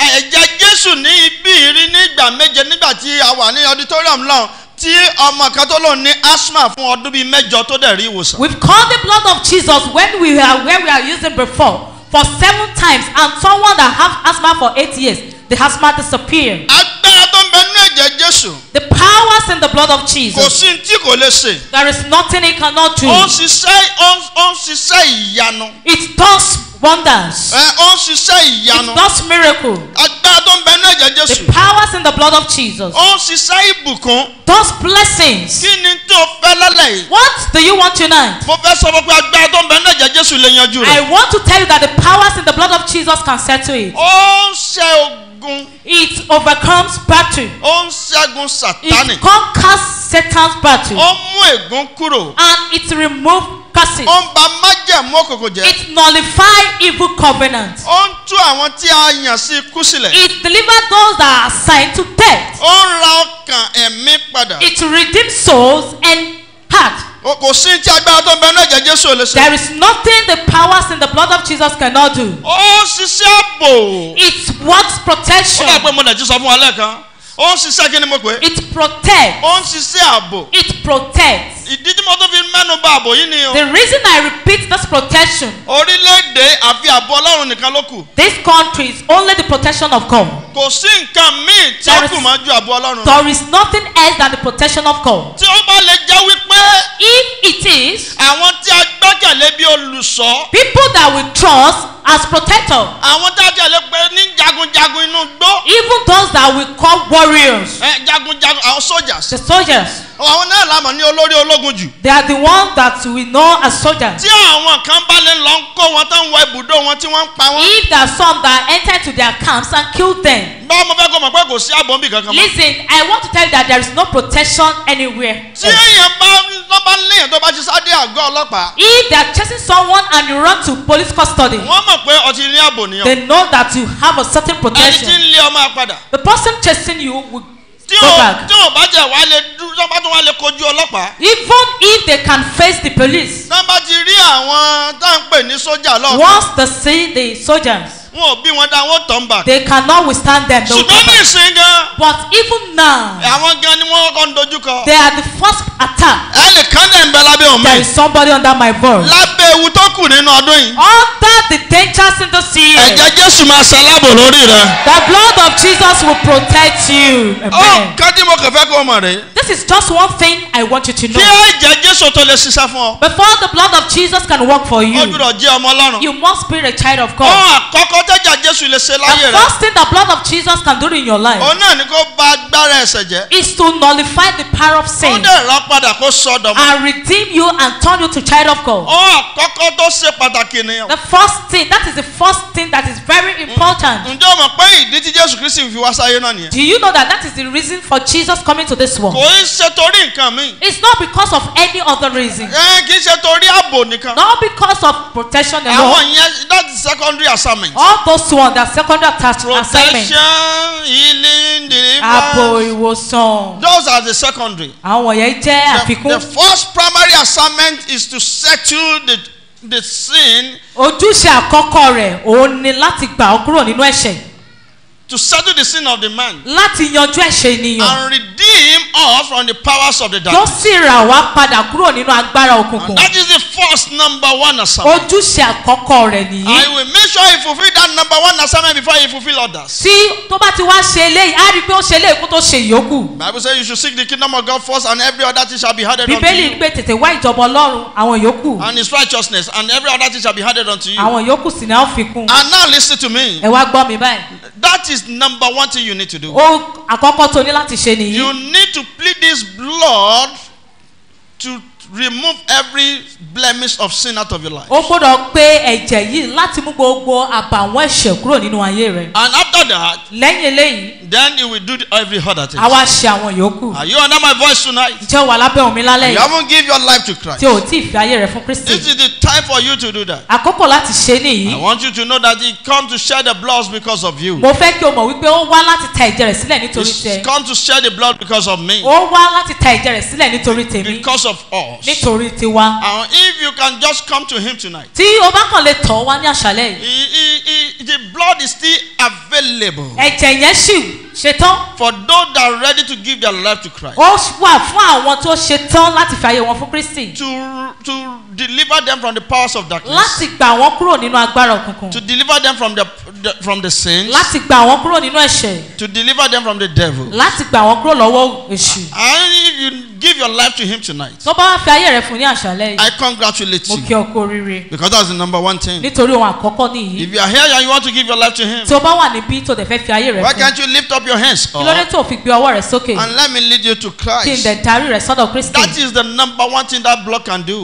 ẹ̀jẹ̀ Jésù ní ibí rí nígbà méje nígbà tí a wà ní auditorium náà tí ọmọ kan ní asthma fún ọdún bíi mẹ́jọ tó dẹ̀ rí ìwòsàn. we've called the blood of Jesus when we are where we are using before for seven times and someone that have asthma for eight years the asthma disappear. agbára tó ń bẹ nínú ẹ̀jẹ̀ Jésù. the powers in the blood of Jesus. kò sí tí kò lè ṣe. there is nothing he cannot do. ó ń ṣiṣẹ́ ìyanu. it does wonders. ẹ eh, ó ń ṣiṣẹ́ ìyanu. it does miracle. agbára tó ń bẹ ní ẹ̀jẹ̀ Jésù. the powers in the blood of Jesus. ó ń ṣiṣẹ́ ìbùkún. those blessings. kí ni tó fẹ́ lálẹ́ yìí. what do you want tonight? mo fẹ́ sọ fún pé agbára tó ń bẹ ní ẹ̀jẹ̀ Jésù lè yanjú rẹ̀. I want to tell you that the powers in the blood of Jesus can settle it. ó ń ṣe ogun it overcomes battle. ó ń ṣẹ́gun sátánì. it conquers Satan's battle. ó mú ègún kúrò. and it removes cursing. ó ń ba májẹ̀mú òkòkò jẹ́. it nullifies evil covenants. ó ń tú àwọn tí a yàn sí ikú sílẹ̀. it delivers those that are assigned to death. ó ń ra ọkàn ẹ̀mí padà. it redeems souls and heart. Kò sí tí agbára tó ń bẹ náà jẹ́ Jésù ò There is nothing the powers in the blood of Jesus cannot do. Ó ṣiṣẹ́ ààbò. It works protection. Ó dàgbé mo nà jí sọ fún wa lẹ́ẹ̀kan ó ń ṣiṣẹ́ kí ni mo pè it protects. ó ń ṣiṣẹ́ ààbò. it protects. ìdí tí mo tó fi mẹ́nu bà ààbò yìí ni o. the reason I repeat this protection. orílẹ̀-èdè àfi ààbò Ọlọ́run nìkan ló kù. this country is only the protection of God. kò sí nǹkan míì tí ó kù máa ju ààbò Ọlọ́run. there is nothing else than the protection of God. tí ó bá lè jẹ́ wípé. if it is. àwọn tí a gbẹ́kẹ̀lé bí olùṣọ́. people that we trust as protector. àwọn tí a jẹ́ lè pe ní jagunjagun inú gbó. even those that we call war warriors. ẹ eh, jagunjagun àwọn soldiers. the soldiers. àwọn náà la ní olórí ológun jù. they are the ones that we know as soldiers. tí àwọn kan bá lè lọ kó wọn tó wọ ibùdó wọn tí wọ́n pa wọn. if there are some that enter to their camps and kill them. bá ọmọ fẹ́ kó mọ̀ pé kò sí ààbò níbi kankan. lis I want to tell you that there is no protection anywhere. tí èèyàn bá lọ́ba léèyàn tó bá ti sáré àgọ́ ọlọ́pàá. if they are chasing someone and you run to police custody. wọ́n mọ̀ pé ọtí ní ààbò nìyẹn. they know that you have a certain protection. ẹni tí ń lé ọmọ padà. the person chasing you you tí o tí o bá jẹ wá lè dúró tí o bá tún wá lè kojú ọlọ́pàá. even if they can face the police. tí wọ́n bá ti rí àwọn tá ń pè ní sójà lọ́ọ̀kan. once they see the soldiers wọn ò bí wọn dá wọn turn back. they cannot withstand them. ṣùgbọ́n ní ìsìn gan. but even now. àwọn gan ni wọ́n kọ́ ń dojú kọ. they are the first attack. ẹnìkan dẹ̀ ń bẹ lábẹ́ òun mi. there is somebody under my voice. lábẹ́ ewu tó kù nínú ọdún yìí. under the danger in this year. ẹ̀jẹ̀ jésù máa ṣalábò lórí rẹ. the blood of Jesus will protect you. ó kájí mo kàn fẹ́ kó o mọ̀ rè. this is just one thing I want you to know. kí ẹ̀jẹ̀ jésù tó lè ṣiṣẹ́ fún ọ. before the blood of Jesus can work for you. ó gbọ́dọ̀ jẹ́ ọmọ ọlọ́run. you must be a child of God. ó àkọ́kọ́ tẹ́jà Jésù lè ṣe láyé rẹ. the first thing the blood of Jesus can do in your life. òun náà ni kó bà agbára ẹ̀ṣẹ̀ jẹ́. is to nullify the power of sin. ó dẹ̀ rà padà kó sọ dọ̀mọ́. and redeem you and turn you to child of God. ó àkọ́kọ́ tó ṣe pàtàkì nìyẹn. the first thing that is the first thing that is very important. ǹjẹ́ o mọ̀ pé ìdí tí Jésù Kristi fi wá sáyé náà nìyẹn. do you know that that is the reason for Jesus coming to this world. kò í ṣe torí nǹkan mi. it's not because of any other reason. ẹ kì í ṣe torí ààbò nìkan. not because of protection alone. àwọn yẹn that is secondary assignment. all all those ones that secondary task assignment. protection healing deliverance. those are the secondary. àwọn yẹn jẹ́ àfikún. the first primary assignment is to settle the the sin. ojúṣe àkọ́kọ́ rẹ̀ òun ni láti gbà ọ́ kúrò nínú ẹ̀ṣẹ̀ to settle the sin of the man. láti yanjú ẹ̀ṣẹ̀ ènìyàn. and redeem us from the powers of the dark. yóò sì rà wá padà kúrò nínú agbára òkùnkùn. and that is the first number one assignment. ojúṣe àkọ́kọ́ rẹ̀ nìyí. I will make sure he fulfil that number one assignment before he fulfil others. tí tó bá ti wá ṣe eléyìí á rí i pé ó ṣe eléyìí kó tó ṣe ìyókù. Bible says you should seek the kingdom of God first and every other thing shall be added unto you. bíbélì pé tètè wá ìjọba ọlọ́run àwọn yòókù. and his righteousness and every other thing shall be added unto you. àwọn yòókù sì ni a fi kún. and now lis ten to me. ẹ wá gbọ́ mi báyìí. that is number one thing you need to do. Ó àkọ́kọ́ tó ní láti ṣe nìyí. You need to plead this blood to remove every blemish of sin out of your life. ó gbọ́dọ̀ pé ẹ̀jẹ̀ yìí láti mú gbogbo àbàwọ́n ẹ̀ṣẹ̀ kúrò nínú ayé rẹ. and after that. lẹ́yìn eléyìí. then you will do every other thing. àwa ṣe àwọn yòókù. are you under my voice tonight. ǹjẹ́ wà lábẹ́ òun lálẹ́ yìí. you haven't give your life to Christ. tí o ti fi ayé rẹ fún Kristi. this is the time for you to do that. àkókò láti ṣe nìyí. I want you to know that he come to share the blood because of you. mo fẹ́ kí o mọ̀ wípé ó wá láti ta ẹ̀jẹ̀ rẹ̀ sílẹ̀ nítorí tẹ. he come to share the blood because of me. ó wá láti ta ẹ̀jẹ̀ rẹ̀ sílẹ̀ nítorí tèmi. because of us us. nítorí tiwa. and if you can just come to him tonight. tí o bá kàn lè tọ̀ wá ní àṣálẹ̀ yìí. the blood is still available. ẹ̀jẹ̀ yẹn ṣì ṣetán. for those that are ready to give their life to Christ. ó wà fún àwọn tó ṣetán láti fi ayé wọn fún Kristi. to to deliver them from the powers of darkness. láti gbà wọ́n kúrò nínú agbára òkùnkùn. to deliver them from the, the from the sins. láti gbà wọ́n kúrò nínú ẹ̀ṣẹ̀. to deliver them from the devil. láti gbà wọ́n kúrò lọ́wọ́ èṣù. and if you give your life to him tonight. tó bá wá fi ayé rẹ fún ní àṣálẹ́ yìí. I congratulate you. mo kí ọkọ rere. because that's the number one thing. nítorí ohun àkọ́kọ́ nìyí. if you are here and you want to give your life to him. tí o bá wà níbí tó dẹ̀ fẹ́ fi ayé rẹ fún. why can't you lift up up your hands up. Oh. and let me lead you to Christ. that is the number one thing that blood can do.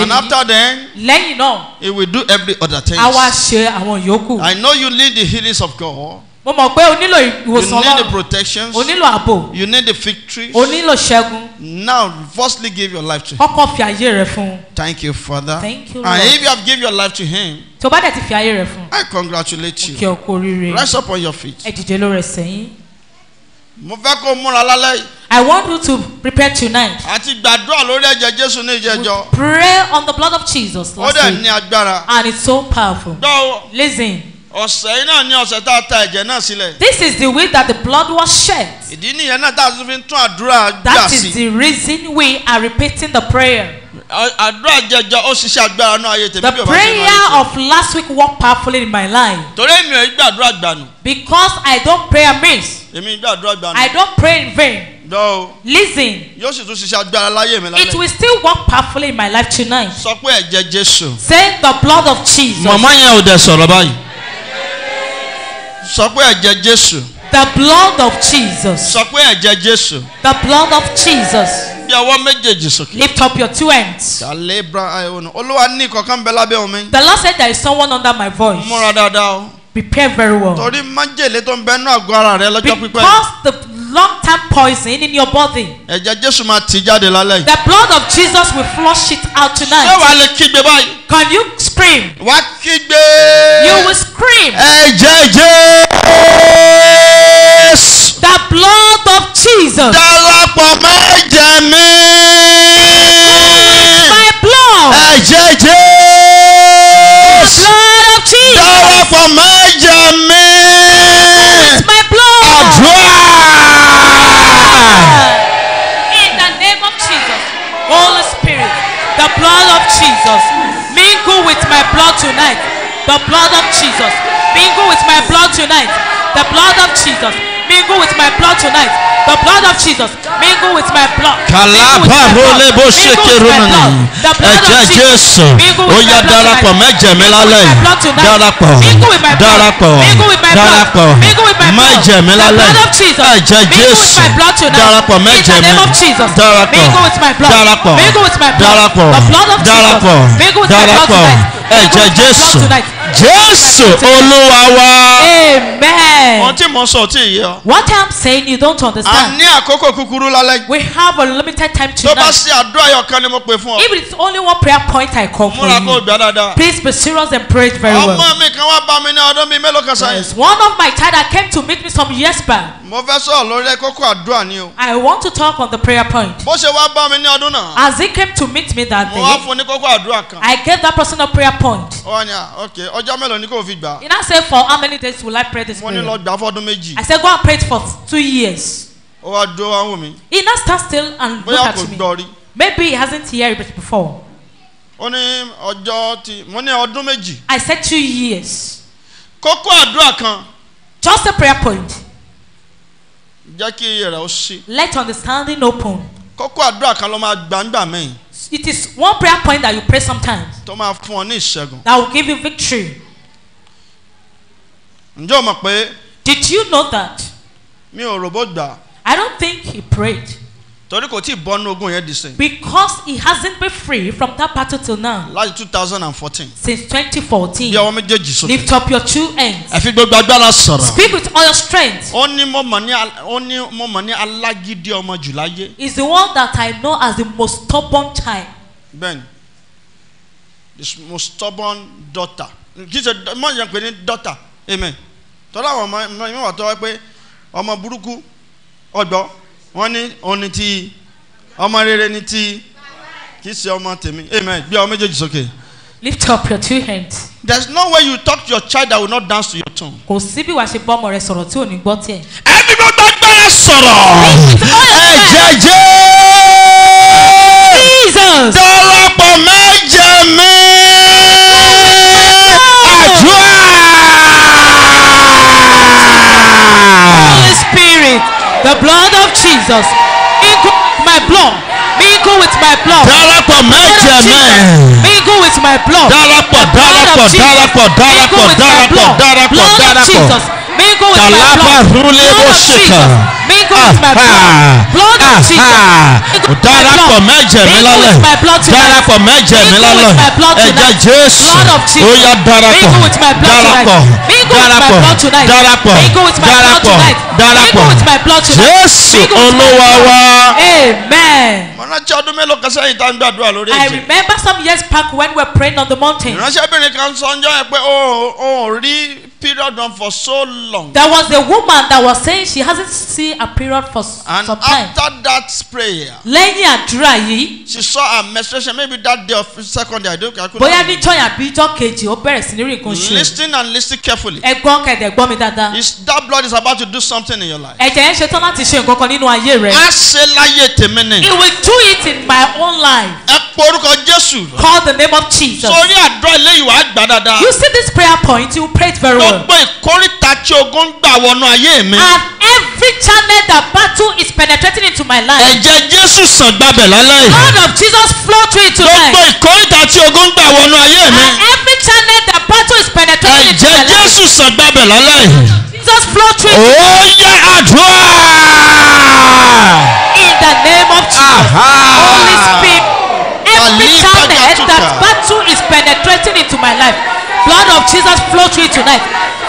and after then. lẹ́yìn náà. it will do every other thing. I know you need the healings of God mo mọ̀ pé o nílò ìwòsàn lọ́rùn. you need the protection. o nílò ààbò. you need the victory. o nílò ṣẹ́gun. now firstly give your life to him. kọ́kọ́ fi ayé rẹ fún un. thank you father. thank you lord. and if you have give your life to him. tó bá dẹ̀ ti fi ayé rẹ fún un. I congratulate you. mo kí ọ rise up on your feet. ẹ dìde lórí ẹsẹ̀ yín. mo fẹ́ kó múra lálẹ́ yìí. I want you to prepare tonight. Àti gbàdúrà lórí ẹ̀jẹ̀ Jésù ní ìjẹjọ. pray on the blood of Jesus last week. Ó dẹ̀ ní agbára. And it's so powerful. Gbọ́ o. Listen ọ̀sẹ̀ yìí ni ọ̀sẹ̀ tá a ta ẹ̀jẹ̀ náà sílẹ̀. this is the way that the blood was shed. ìdí nìyẹn náà tá a fi ń tún àdúrà gbà sí. that is the reason we are repeating the prayer. àdúrà jẹjọ ó ṣiṣẹ́ agbára náà ayé tèmi bí o bá ṣe lọ. the prayer of last week worked powerfully in my life. torí èmi ò gbàdúrà gbànú. because I don't pray amiss. èmi gbàdúrà gbànú. I don't pray in vain. No. Listen. Yóò sì tún ṣiṣẹ́ agbára láyé mi lálẹ́. It will still work powerfully in my life tonight. Sọ pé ẹ̀jẹ̀ Jésù. Say the blood of Jesus. Màmá yẹn ò dẹ̀ sọ̀rọ̀ báyìí sọ pé ẹ̀jẹ̀ Jésù. The blood of Jesus. Sọ pé ẹ̀jẹ̀ Jésù. The blood of Jesus. Bí ọwọ́ méjèèjì sókè. Lift up your two hands. Ṣàlẹ́ Ibrahim Olúwa ní kankan bẹ lábẹ́ omi. The Lord said there is someone under my voice. Múra dáadáa o. Prepare very well. Torí májèlé tó ń bẹnu àgọ́ ara rẹ lọ́jọ́ pípẹ́. Because the long term poison in your body. ẹ̀jẹ̀ Jésù máa tì jáde lálẹ́ yìí. the blood of Jesus will flush it out tonight. ṣé wàá lè kígbe báyìí. can you scream. wà kígbe. you will scream. ẹ̀jẹ̀ Jésù. the blood of Jesus. darapọ̀ mẹ́jẹ̀ mi. my blood. ẹ̀jẹ̀ Jésù. the blood of Jesus. darapọ̀ mẹ́jẹ̀ mi. Jesus. Mingle with my blood tonight. The blood of Jesus. Mingle with my blood tonight. The blood of Jesus. Mingle with my blood tonight. The blood of Jesus mingle with my blood. Kàlábà rólé bó ṣe kéré nìyí. Ẹ̀jẹ̀ Jésù ó yá darapọ̀ mẹ́jẹ̀ mi lálẹ́ yìí. Darapọ̀ darapọ̀ darapọ̀ mẹ́jẹ̀ mi lálẹ́ yìí. Ẹ̀jẹ̀ Jésù darapọ̀ mẹ́jẹ̀ mi. Darapọ̀ darapọ̀ darapọ̀ darapọ̀ ẹ̀jẹ̀ Jésù jésù olúwa amen. wọ́n ti mọ sọ tí yẹ. what i'm saying you don't understand. a ní àkókò kúkúrú lálẹ́. we have a limited time tonight. tó bá ṣe àdúrà yọ kan ni mo pè fún ọ. if it's only one prayer point i call for you. múra kó gbà dáadáa. please be serious and pray very well. ọmọ mi kan wá bá mi ní ọdún mi mélòó kan sáyẹn. yes one of my child came to meet me some years back. mo fẹ́ sọ̀rọ̀ lórí kókó àdúrà ni o. i want to talk on the prayer point. bó ṣe wá bá mi ní ọdún náà. as he came to meet me that day. mo wá fún ní kókó àdúrà kan. i gave that person a prayer point. ó ó ọjọ́ mélòó ni kò fi gbà. he now say for how many days will I pray this prayer. mo ní lọ gbà fọdún méjì. I said go and pray it for two years. ó wá dúró wá wò mí. he now stand still and look at me. bóyá kò gbọ́ rí. maybe he hasn't heard it before. ó ní ọjọ́ ti mo ní ọdún méjì. I said two years. kókó àdúrà kan. just a prayer point. jẹ́ kí iye rẹ̀ ó ṣí. let understanding open. kókó àdúrà kan ló máa gbàǹgbà mẹ́yìn it is one prayer point that you pray sometimes. tó máa fún ọ ní ìṣẹ́gun. that will give you victory. ǹjẹ́ o mọ̀ pé. did you know that. mi ò ròbó gbà. I don't think he prayed torí kò tí ì ogun yẹn di sin. because he hasn't been free from that battle till now. láti two thousand and fourteen. since twenty fourteen. bí ọwọ́ méjèèjì sókè. lift up your two hands. ẹ gbogbo agbára sọ̀rọ̀. speak with all your strength. ó ní mo mọ̀ ní ó ní mo mọ̀ ní alágídí ọmọ jùláyé. he is the one that I know as the most stubborn child. bẹ́ẹ̀ni the most stubborn daughter kì í ṣe mọ̀ yẹn pé ní daughter amen tọ́lá àwọn ọmọ ìmọ̀ ìmọ̀ wà tọ́ pé ọmọ burúkú ọgbọ́n wọ́n ní òun ni ti ọmọ rere ni ti kì í ṣe ọmọ tèmi amen gbé ọmọ méjèèjì sókè. lift up your two hands. there is no way you talk to your child that will not dance to your tongue. kò sí bí wàá ṣe bọ́ ọmọ rẹ sọ̀rọ̀ tí ò ní gbọ́ tiẹ̀. ẹni ló bá gbára sọ̀rọ̀ ẹ̀jẹ̀jẹ̀ Jesus. darapọ̀ mẹ́jẹ̀ mi àdúrà. The blood of Jesus. Mingle with my blood. Mingle with my blood. Darapọ̀ mẹ́jẹ̀ mẹ́. Mingle with my blood. Darapọ̀ darapọ̀ darapọ̀ darapọ̀ darapọ̀ darapọ̀ darapọ̀. Mingle with my blood. Mingle with my blood. Blood of Jesus. Ah, ah, ah, blood. of Jesus. darapọ̀ mẹ́jẹ̀ mi lọ́lẹ̀ darapọ̀ mẹ́jẹ̀ mi lọ́lẹ̀ ẹ̀jẹ̀ jésù ó yá darapọ̀ darapọ̀ darapọ̀ darapọ̀ darapọ̀ darapọ̀ jésù olúwa wa. ọdún mélòó kan sẹ́yìn tá a ń gbàdúrà lórí èjì. I remember some years back when we were praying on the mountain. ìránṣẹ́ obìnrin kan sọ ọjọ́ yẹn pé ó rí period on for so long. There was a woman that was saying she hasn't seen a period for and some time. And after that prayer. Lẹ́yìn àdúrà yìí. She saw her menstruation maybe that day of second day I don't I couldn't. Bóyá ní jọ̀yà bí ijọ́ kejì ó bẹ̀rẹ̀ sí ní rí nǹkan ṣe. Lis ten and lis ten carefully. Ẹ̀gbọ́n kẹ̀dẹ̀ gbọ́ mi dáadáa. Is that blood is about to do something in your life. Ẹ̀jẹ̀ yẹn ṣetán láti ṣe nǹkan kan nínú ayé rẹ̀. Á ṣe láyé tèmi ni. He will do it in my own life. Ẹ pe Jésù. Call the name of Jesus. Sori àdúrà ilé ìwà àgbà dáadáa. You see this prayer point you pray it very well gbogbo ìkórìtà tí ogun gbà wọnú ayé mi. and every channel that battle is penetrating into my life. ẹ̀jẹ̀ Jésù sàn gbabẹ̀ lálẹ́ yìí. blood of Jesus flow through it tonight. gbogbo ìkórìtà tí ogun gbà wọnú ayé mi. and every channel that battle is penetrating into my life. ẹ̀jẹ̀ Jésù sàn gbabẹ̀ lálẹ́ yìí. Jesus flow through it. ó yẹ àdúrà. in the name of Jesus. Aha. Holy Spirit. every channel that battle is penetrating into my life. Blood of Jesus flow through it tonight.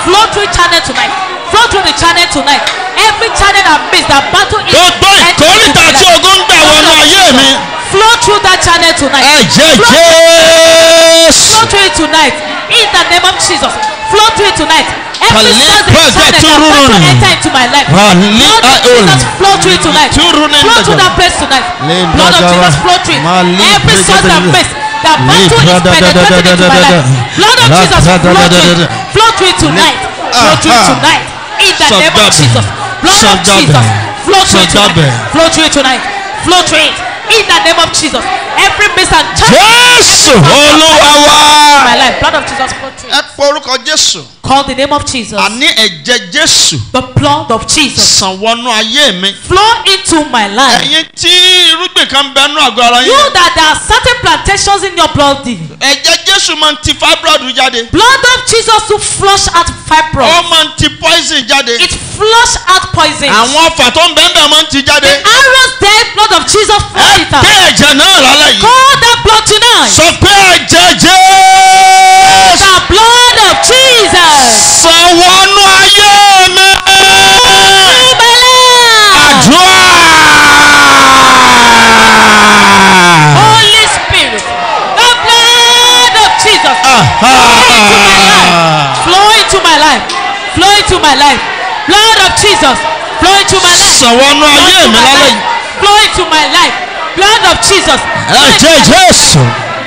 Flow through channel tonight. Flow through the channel tonight. Every channel that missed that battle is. Gbogbo ìkórìtà tí ogun gbà I hear me. Flow through that channel tonight. Ẹ̀jẹ̀ Jésù. Flow through it tonight. In the name of Jesus. Flow through it tonight. Every Thursday channel that battle enter into my life. Blood of Jesus flow through it tonight. Flow through that place tonight. Blood of Jesus flow through it. Every source that missed. That battle is penetrating into my life. Lord of Jesus, flow through it. Flow tonight. Flow through it tonight. In the name of Jesus. Blood of Jesus. Flow through it tonight. Flow through it tonight. Flow through it. In the name of Jesus. Every miss and chance. Yes! Olúwa wa. My life. Blood of Jesus flow through it. Ẹ pọ orúkọ Jésù. Call the name of Jesus. Àní ẹ̀jẹ̀ Jésù. The blood of Jesus. Sàn ayé mi. Flow into my life. Ẹ̀yin tí irúgbìn kan bẹ nú àgọ́ ara yín. You that there are certain plantations in your body. Ẹ̀jẹ̀ Jésù máa ń ti fibroid jáde. Blood of Jesus to flush out fibroid. Ó máa ń ti poison jáde. It flush out poison. Àwọn ọfà tó ń bẹ́ẹ̀ bẹ́ẹ̀ máa ń ti jáde. The arrows dead blood of Jesus flush it out. Ẹ tẹ ẹ̀jẹ̀ náà lálẹ́ yìí. Call that blood tonight. Sọ pé Flow into my life. Flow into my life. Blood of Jesus. Flow into my life. Flow into my life. Blood of Jesus. Ẹ̀jẹ̀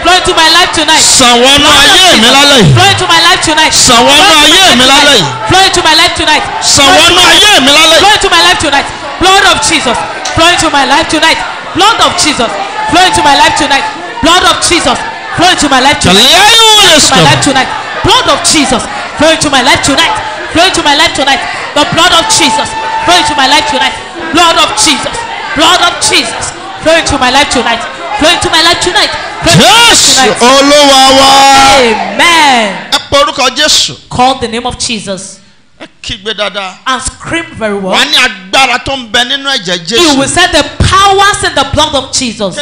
Flow into my life tonight. Sọ̀wọ́nú ayé mi lálẹ́ yìí. Flow into my life tonight. Sọ̀wọ́nú ayé mi lálẹ́ yìí. Flow into my life tonight. Flow into my life tonight. Blood of Jesus. Flow into my life tonight. Blood of Jesus. Flow into my life tonight. Blood of Jesus. Flow into my life tonight flow into my life tonight. Blood of Jesus, flow into my life tonight. Flow into my life tonight. The blood of Jesus, flow into my life tonight. Blood of Jesus, blood of Jesus, flow into my life tonight. Flow into my life tonight. Jésù Olúwa Amen. Call the name of Jesus. And scream very well. You will set the powers in the blood of Jesus.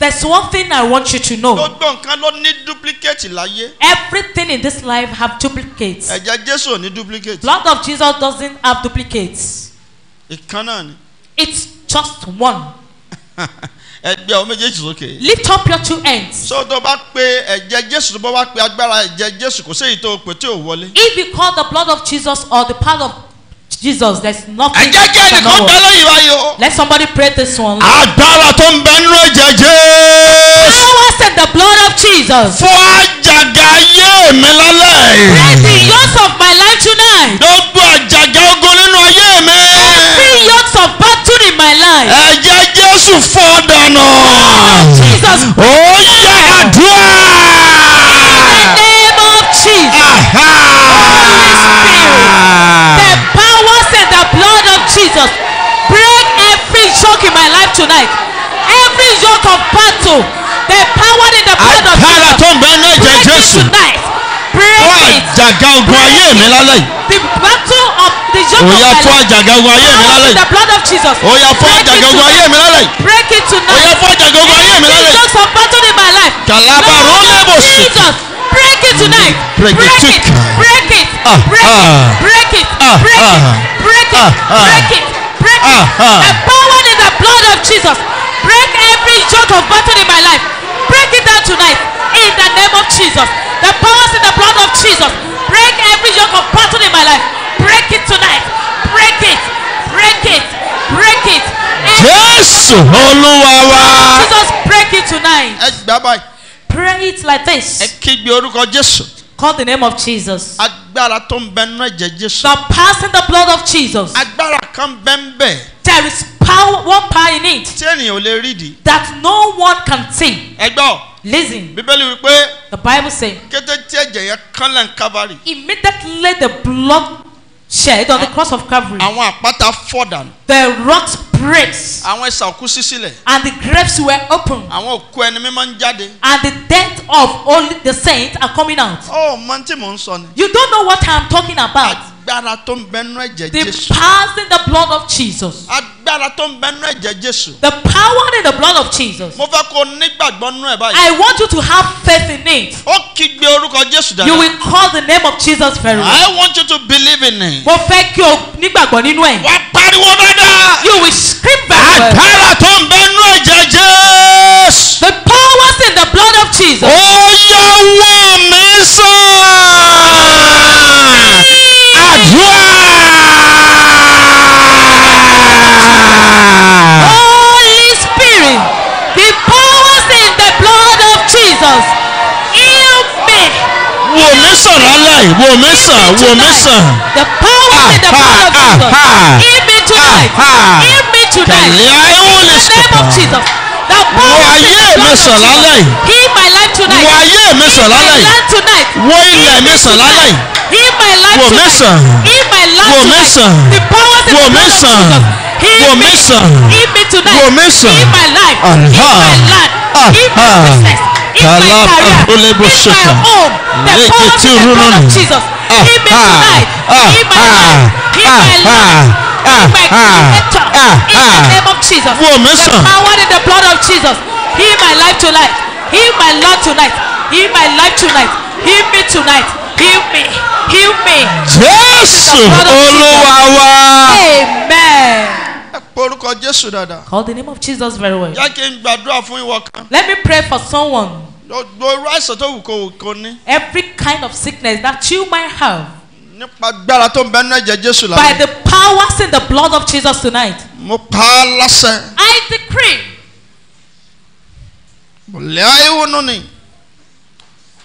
There's one thing I want you to know. Gbogbo nǹkan ló ní duplicate láyé. Everything in this life have duplicates. Ẹ̀jẹ̀ Jésù ní duplicate. Blood of Jesus doesn't have duplicates. Ìkan náà ni. It's just one. ẹgbẹ́ ọ méjèèjì sókè. lift up your two ends. so bá pe ẹ̀jẹ̀ jésù bá wá pe agbára ẹ̀jẹ̀ jésù kò séyìí tó pè tí ò wọlé. if you call the blood of Jesus or the power of Jesus there is nothing. ẹ jẹ́ kí ẹnìkan tẹ lóyún wáyé let somebody pray this one. agbára tó ń bẹ nínú ẹ̀jẹ̀ Jésù. powers in the blood of Jesus. fún àjàgà ayé mi lálẹ́. praise the yokes of my life tonight. gbogbo àjàgà ogun nínú ayé mi. every yokes of battle in my life. ẹ̀jẹ̀ Jésù fọ́ dànù. Ah, Jesus. ó yẹ àdúrà. in the name of Jesus. Holy Spirit. àjàgà ogun ayé mi lálẹ́ yìí. the battle of the yoke of my life. òyà fọ́ àjàgà ogun ayé mi lálẹ́ yìí. the blood of Jesus. òyà fọ́ àjàgà ogun ayé mi lálẹ́ yìí. break it tonight. òyà fọ́ àjàgà ogun ayé mi lálẹ́ yìí. the yokes of battle in my life. kàlábà rólébò sí. Jesus break it tonight. break it break it break it break it break ah, ah. it break it break it break it empowered in the blood of Jesus break every yoke of battle in my life break it down tonight in the name of Jesus the powers in the blood of Jesus break every yoke of pattern in my life break it tonight break it break it break it. Jésù Olúwa Jesus break it tonight. Ẹ gbà Pray it like this. Ẹ kígbe orúkọ Jésù. Call the name of Jesus. Agbára tó ń bẹ nínú ẹ̀jẹ̀ Jésù. The pass in the blood of Jesus. Agbára kan bẹ ń bẹ̀. There is power, one power in it. Tí ènìyàn ò lè rídìí. That no one can see. Ẹ gbọ́. Listen. Bíbélì wípé. The Bible say. Kété tí ẹ̀jẹ̀ yẹn kánlẹ̀ ní Calvary. Immediately the blood shed on the cross of Calvary. Àwọn àpáta fọ́ dànù. The rocks breaks. Àwọn ẹ̀sà òkú sí sílẹ̀. And the graves were opened. Àwọn òkú ẹni mímọ́ ń jáde. And the death of only the saints are coming out. Oh, mọ tí mò ń sọ ni. You don't know what I'm talking about. I agbára tó ń bẹnu ẹ̀jẹ̀ Jésù. the power in the blood of Jesus. agbára tó ń bẹnu ẹ̀jẹ̀ Jésù. the power in the blood of Jesus. mo fẹ́ kó nígbàgbọ́ nínú ẹ̀ báyìí. I want you to have faith in it. ó kígbe orúkọ Jésù dáadáa. you will call the name of Jesus very well. I want you to believe in it. mo fẹ́ kí o nígbàgbọ́ nínú ẹ̀. wá pariwo dáadáa. you will scream very well. agbára tó ń bẹnu ẹ̀jẹ̀ Jésù. the power in the blood of Jesus. ó yá wọ́n mi sàn. Wow! Holy Spirit, the power in the blood of Jesus, heal me. Wo mi sàn lálẹ́ wo mi wo mi The power ah, in the blood ah, of Jesus, ah, heal me tonight, ah, heal me tonight. In the name of Jesus. The powers in the blood of Jesus, heal my life tonight. Wo ayé mi sàn lálẹ́ yìí. Heal my tonight. my life wò mí sàn wò mí sàn wò mí sàn wò mí sàn wò mí sàn alha alha kalaba olebo seka lekete rununu in my aha. in my ah, in the name of Jesus. Woman, the power in the blood of Jesus. Heal my life tonight. Heal my Lord tonight. Heal my life tonight. Heal me tonight. heal me heal me. Jésù Olúwa Amen orúkọ Jésù dáadáa. Call the name of Jesus very well. Jẹ́ kí n gbàdúrà fún ìwọ kan. Let me pray for someone. Gbogbo irú tó wù kó kó ní. Every kind of sickness that you might have. Nípa agbára tó ń bẹ nínú ẹ̀jẹ̀ Jésù lánàá. By the powers in the blood of Jesus tonight. Mo pa á lásẹ̀. I decree. Bùlẹ̀ ayé wọnú ni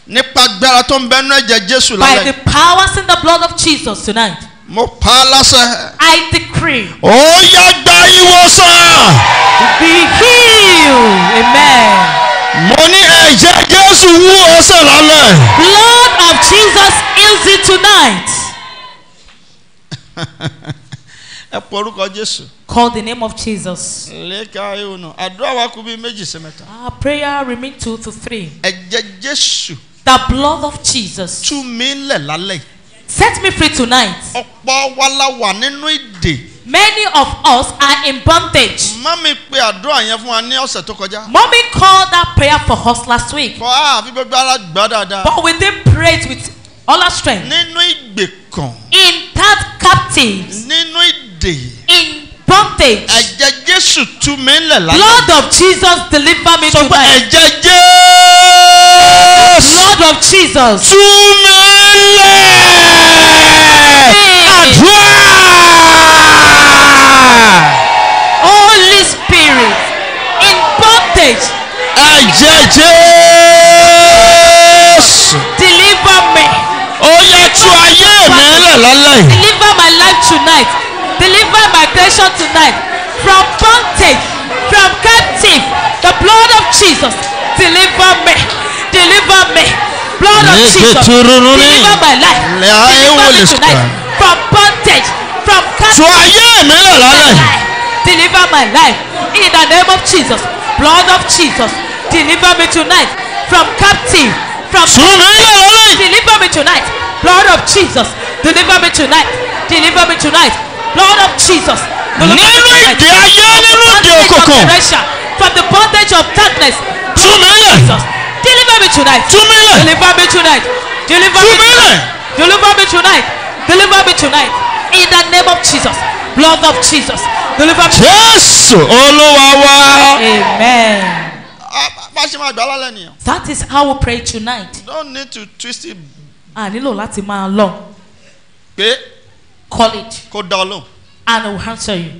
nípa agbára tó ń bẹ ẹ̀jẹ̀ Jésù lálẹ́. by the powers in the blood of Jesus tonight. mo pa á láṣẹ. I decree. ó yá gba ìwòsàn. be healed amen. mo ní ẹ̀jẹ̀ Jésù wú ọ lálẹ́. blood of Jesus heals you tonight. ẹ pọ orúkọ Jésù. call the name of Jesus. lẹ́ka ìhùnà àdúrà wa kú bí méjì sí mẹ́ta. our prayer remain two to three. ẹ̀jẹ̀ Jésù. The blood of Jesus. Tú mi lẹ̀ lálẹ́. Set me free tonight. Ọ̀pọ̀ wa nínú ìdè. Many of us are in bondage. Mọ́mí pe àdúrà yẹn fún wa ní ọ̀sẹ̀ tó kọjá. Mọ́mí called that prayer for us last week. Kọ́ àfi ah, gbogbo ara gbà dáadáa. But we dey pray with all our strength. Nínú ìgbèkùn. In that captives. Nínú ìdè. In bondage. Ẹ̀jẹ̀ Jésù tú mi lẹ̀ lálẹ́. Blood of Jesus deliver me tonight. Sọ pé ẹ̀jẹ̀ Jésù. Jesus. Lord of Jesus. Túmẹ̀lẹ̀ àdúrà. Holy spirit in bondage. Ẹ̀jẹ̀ Jésù. Deliver me. Oh yeah, tú ayé mi lẹ̀ Deliver my life tonight. Deliver my creation tonight from bondage from captive. The blood of Jesus deliver me deliver me. Blood of Jesus, deliver my life. Deliver me tonight from bondage, from captivity. Deliver my life in the name of Jesus. Blood of Jesus, deliver me tonight from captive, from Deliver me tonight. Blood of Jesus, deliver me tonight. Deliver me tonight. Blood of Jesus. Deliver me tonight From the bondage of darkness. Blood of Jesus. Deliver me tonight. Deliver me tonight. Deliver me tonight. Deliver me tonight. Deliver me tonight. In the name of Jesus. Blood of Jesus. Deliver me. Yes. Olúwa Amen. Ah, That is how we pray tonight. You don't need to twist it. A nílò láti máa lọ. Pé. Call it. Kó dá And I will answer you.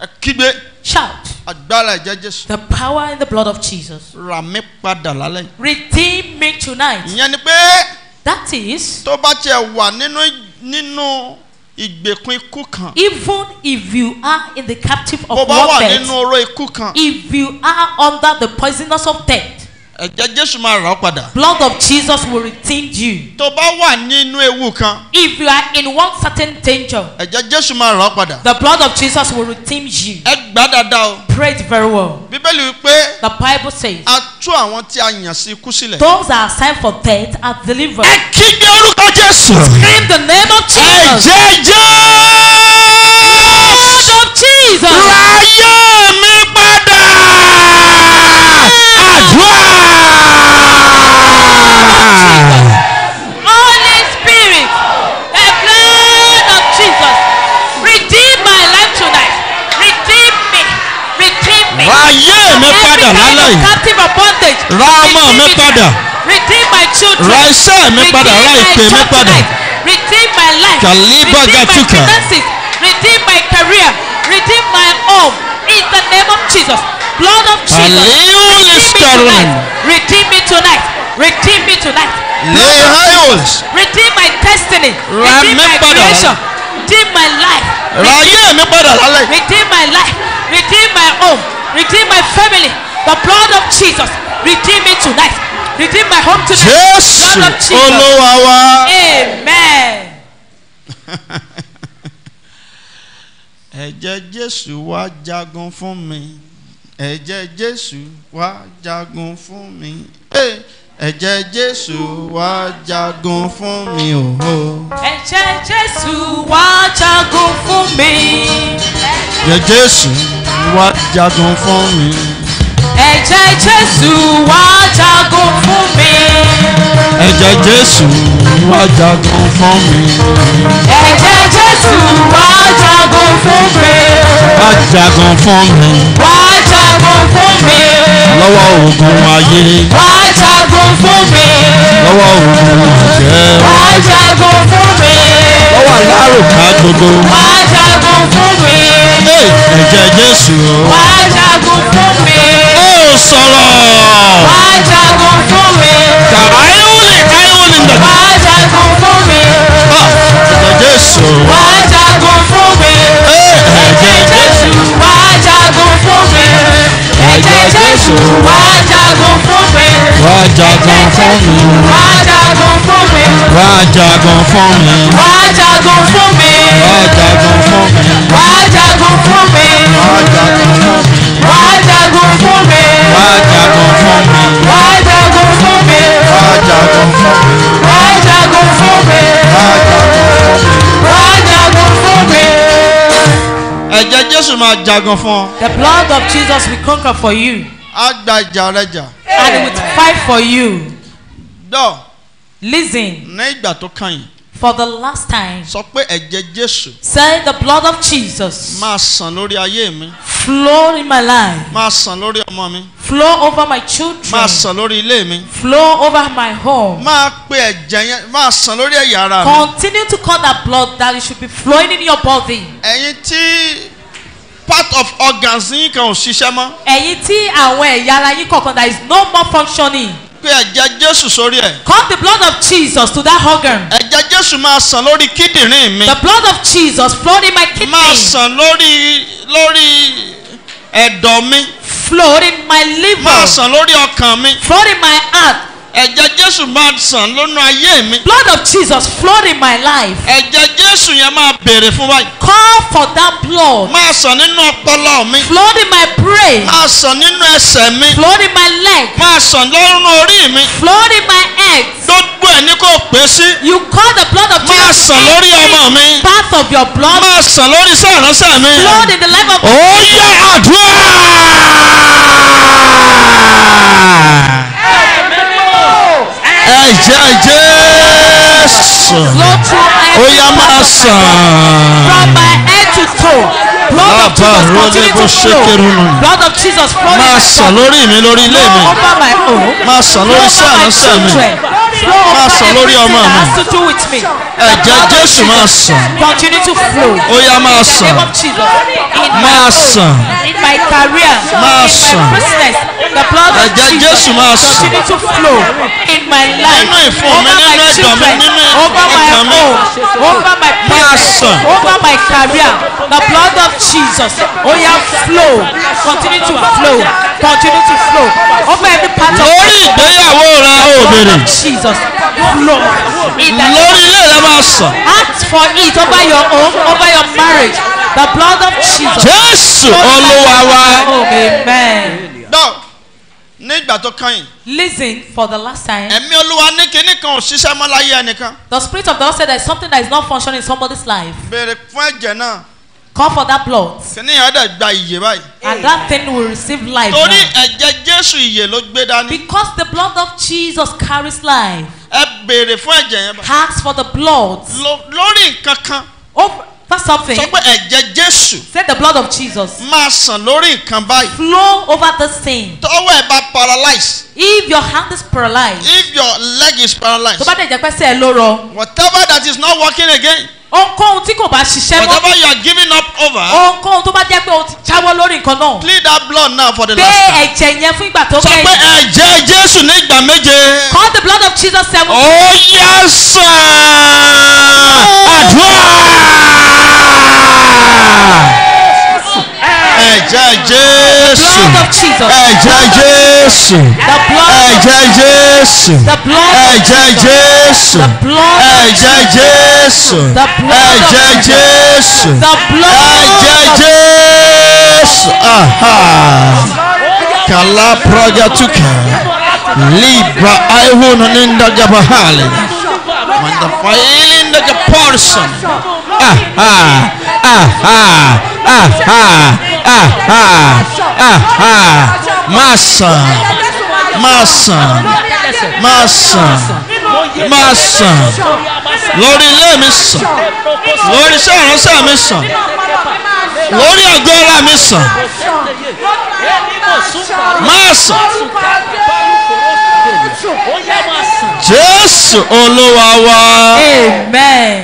Ẹ Shout. Agbára ẹ̀jẹ̀ Jésù. The power in the blood of Jesus. Rà mí padà lálẹ́. Redeem me tonight. Ìyẹn ni pé. That is. Tó bá tiẹ̀ wà nínú nínú ìgbèkùn ikú kan. Even if you are in the captive of warfare. Bó bá wà nínú oró ikú kan. If you are under the poisonous of death ẹ̀jẹ̀ jésù máa rà ọ́ padà. blood of jesus will retain you. tó bá wà nínú ewu kan. if you are in one certain danger. ẹ̀jẹ̀ jésù máa rà ọ́ padà. the blood of jesus will retain you. ẹ gbà dáadáa o. pray it very well. bíbélì wípé. the bible says. a tú àwọn tí a yàn sí ikú sílẹ̀. those that are signed for death are delivered. ẹ kígbe orúkọ jésù. scream the name of jesus. ẹ̀jẹ̀ jésù. blood of jesus. ráyè mi padà. àdúrà. Ah. Holy Spirit, the blood of Jesus, redeem my life tonight. Redeem me. Redeem me. Ra ayé mi padà lálẹ́ yìí. Captive bondage. Ra me mi padà. Redeem my children. Ra me mi padà. Ra ìpè mi padà. Redeem my life. Kàlíbà gàtúkà. Redeem my finances. Redeem my career. Redeem my home. In the name of Jesus. Blood of Jesus. Redeem me tonight. Redeem me tonight. Redeem me tonight. Lay hands. redeem my destiny. Redeem my creation. Redeem my life. Redeem, redeem my life. Redeem my home. Redeem my family. The blood of Jesus. Redeem me tonight. Redeem my home tonight. Jesus. Blood of Jesus. Amen. ẹ̀jẹ̀ jésù wá jagun fún mi ẹ̀jẹ̀ jésù wá jagun fún mi. Hey. ẹ̀jẹ̀ jésù wá jagun fún mi o. ẹ̀jẹ̀ jésù wá jagun fún mi. ẹ̀jẹ̀ jésù wá jagun fún mi. ẹ̀jẹ̀ jésù wá jagun fún mi. ẹ̀jẹ̀ jésù wá jagun fún mi. ẹ̀jẹ̀ jésù wá jagun fún mi. wá jagun fún mi. wá jagun fún mi lọ́wọ́ ogun ayé. wà jagun fún mi. lọ́wọ́ ogun ìjẹ́. wà jagun fún mi. lọ́wọ́ alárùkà gbogbo. wà jagun fún mi. ẹ̀jẹ̀ Jésù. wà jagun fún mi. ó sọ̀rọ̀. wà jagun fún mi. kàrá ìwúlì ká ìwúlì dàgbà. wà jagun fún mi. Ah, ẹ̀jẹ̀ Jésù. wà jagun fún mi. ẹ̀jẹ̀ Jésù. jagun fún mi. wá jagun fún mi. wá jagun fún mi. wá jagun fún mi. wá jagun fún mi. wá jagun fún mi. wá jagun fún mi. wá jagun fún mi. wá jagun fún mi. wá jagun fún mi. wá jagun fún mi. wá jagun fún mi. wá jagun fún mi. ẹ̀jẹ̀ Jésù máa jagun fún ọ. the blood of Jesus will conquer for you. a gba ìjà rẹ jà and will fight for you. gbọ́. listen. ní ìgbà tó kàn yín. For the last time. Sọ pé ẹ̀jẹ̀ Jésù. Say the blood of Jesus. Máa sàn lórí ayé mi. Flow in my life. Máa sàn lórí ọmọ mi. Flow over my children. Máa sàn lórí ilé mi. Flow over my home. Máa pe ẹ̀jẹ̀ yẹn máa sàn lórí ẹ̀yà ara mi. Continue to call that blood that it should be flowing in your body. Ẹ̀yin tí part of organs yín kan ò ṣiṣẹ́ mọ́. ẹ̀yin tí àwọn ẹ̀yà ara yín kọ̀ọ̀kan that is no more functioning. Pé ẹ̀jẹ̀ Jésù sórí ẹ̀. Come the blood of Jesus to that organ. Ẹ̀jẹ̀ Jésù máa sàn lórí kíndìnrín mi. The blood of Jesus flow in my kidney. Máa sàn lórí lórí ẹ̀dọ̀ mi. Flow in my liver. Máa sàn lórí ọkàn mi. Flow in my heart ẹ̀jẹ̀ jésù máa sàn lónú ayé mi. blood of jesus flood in my life. ẹ̀jẹ̀ jésù yẹn máa béèrè fún wa. call for that blood. máa sàn nínú ọpọlọ mi. flood in my brain. máa sàn nínú ẹsẹ̀ mi. flood in my leg. máa sàn lọ́rùn orí mi. flood in my eggs. gbogbo ẹ̀ ní kò pé sí. you call the blood of jesus. máa sàn lórí ọmọ mi. part of your blood. máa sàn lórí sẹ́ẹ̀ránṣẹ́ mi. flood in the life of. ó yẹ àdúrà. Hey! ẹ̀jẹ̀ Jésù ó yá máa sàn. from my head to toe blood of Jesus blood of Jesus flowing my sàn lórí mi lórí ilé mi máa sàn lórí sàn sàn mi máa sàn lórí ọmọ mi ẹ̀jẹ̀ Jésù máa sàn ó máa sàn máa sàn máa sàn the blood of Jesus continue to flow in my life over my children over my home over my parents over my career the blood of Jesus oya oh, flow continue to flow continue to flow over every part of my life lórí ìgbéyàwó rẹ obìnrin flow the lórí ilé rẹ máa sàn act for it over your home over your marriage the blood of Jesus. Jésù Olúwa wa. Amen. Now, nígbà tó kàn yín. listen for the last time. ẹ̀mí olúwa ní kinní kan ò ṣiṣẹ́ mọ́ láyé ẹnìkan. the spirit of God said there is something that is not functioning in somebody's life. béèrè fún ẹ̀jẹ̀ náà. call for that blood. kìnìún yẹn dẹ̀ gba ìyè báyìí. and that thing will receive life now. torí ẹ̀jẹ̀ jésù ìyè ló gbé dání. because the blood of Jesus carries life. ẹ béèrè fún ẹ̀jẹ̀ yẹn báyìí. ask for the blood. lórí nǹkan kan. over First something. Sọ pé ẹ̀jẹ̀ Jésù. Say the blood of Jesus. Máa sàn lórí nǹkan báyìí. Flow over this thing. Tọ́wọ́ ẹ̀ bá paralyze. If your hand is paralyzed. If your leg is paralyzed. Tó bá dẹ̀ jẹ́ pẹ́sẹ̀ ẹ Whatever that is not working again ohunkóhun tí kò bá ṣiṣẹ́ mọ́. whatever you are giving up over. ohunkóhun tó bá jẹ́ pé o ti jáwọ́ lórí nǹkan náà. plead that blood now for the last time. pé ẹ̀jẹ̀ yẹn fún ìgbà tó kẹ́yìn. sọ pé ẹ̀jẹ̀ Jésù ní ìgbà méje. call the blood of Jesus seven. oh yes sir. àdúrà. Ẹ̀jẹ̀ Jésù. Ẹ̀jẹ̀ Jésù. Ẹ̀jẹ̀ Jésù. Ẹ̀jẹ̀ Jésù. Ẹ̀jẹ̀ Jésù. Ẹ̀jẹ̀ The Ẹ̀jẹ̀ Jésù. Kala praga tuka. Libra aihun ninda gabahali. Manda failinda gaporsan. Ah ah ah ah ah ah. máa sàn máa sàn máa sàn máa sàn lórí ilé mi sàn lórí iṣẹ́ ìránṣẹ́ mi sàn lórí àgọ́ ara mi sàn máa sàn Jésù Olúwa wa. Amen.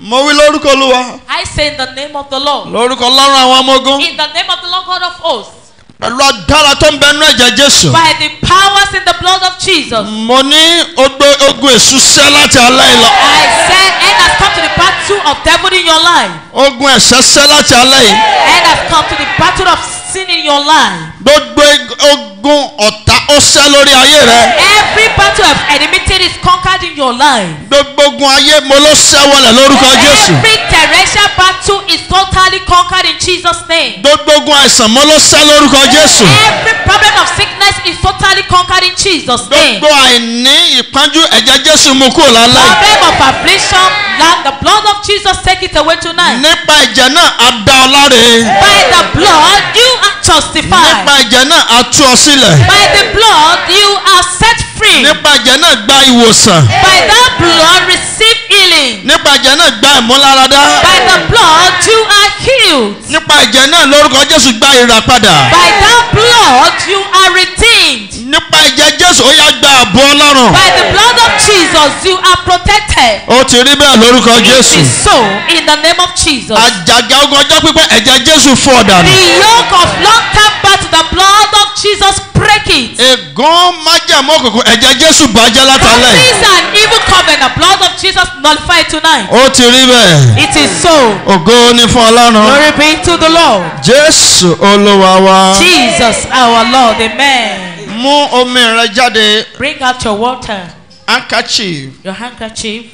Mo wí lórúkọ Olúwa. I say in the name of the Lord. Lórúkọ Ọlọ́run àwọn ọmọ In the name of the Lord God of hosts. Pẹ̀lú agbára tó ń bẹ nínú ẹ̀jẹ̀ Jésù. By the powers in the blood of Jesus. Mo ní ogun èṣù láti alẹ́ ìlọ. I say, end has come to the battle of devil in your life. Ogun ẹ̀ṣẹ̀ ṣẹ́ láti alẹ́ yìí. End has come to the battle of sin in your life. Gbogbo ogun ọ̀tá ó ṣẹ́ lórí ayé rẹ. Every battle of enmity is conquered in your life. Gbogbo ogun ayé mo ló ṣẹ́ wọlé lórúkọ Jésù. Every battle is totally conquered in Jesus' name. Gbogbo ogun àìsàn mọ́ ló sá lórúkọ Jésù. Every problem of sickness is totally conquered in Jesus' name. Gbogbo àìní ìpọ́njú ẹ̀jẹ̀ Jésù mú kúrò lálẹ́. Problem of affliction like the blood of Jesus take it away tonight. Nípa ẹ̀jẹ̀ náà a dá ọ láre. By the blood you are justified. Nípa ẹ̀jẹ̀ náà a tú ọ sílẹ̀. By the blood you are set free free. nípa ẹ̀jẹ̀ náà gba ìwòsàn. by the blood receive healing. nípa ẹ̀jẹ̀ náà gba ìmúláradá. by the blood you are healed. nípa ẹ̀jẹ̀ náà lórúkọ Jésù gba ìràpadà. by the blood you are retained. nípa ẹ̀jẹ̀ Jésù ó yá gba ààbò Ọlọ́run. by the blood of Jesus you are protected. ó ti rí bẹ́ẹ̀ lórúkọ Jésù. it is so in the name of Jesus. àjàgà ogun ọjọ́ pípẹ́ ẹ̀jẹ̀ Jésù fọ́ ọ̀dànù. the yoke of long term birth the blood of Jesus Christ break it. ègún májẹ̀mú òkùnkùn ẹ̀jẹ̀ jésù bàjẹ́ látàlẹ́. that is an evil covenant blood of Jesus nullify tonight. ó ti rí bẹ́ẹ̀. it is so. ògo ni fún ọlọ́run. glory be to the lord. jésù olúwa wa. Jesus our lord amen. mú omi rẹ jáde. bring out your water. handkerchief. your handkerchief.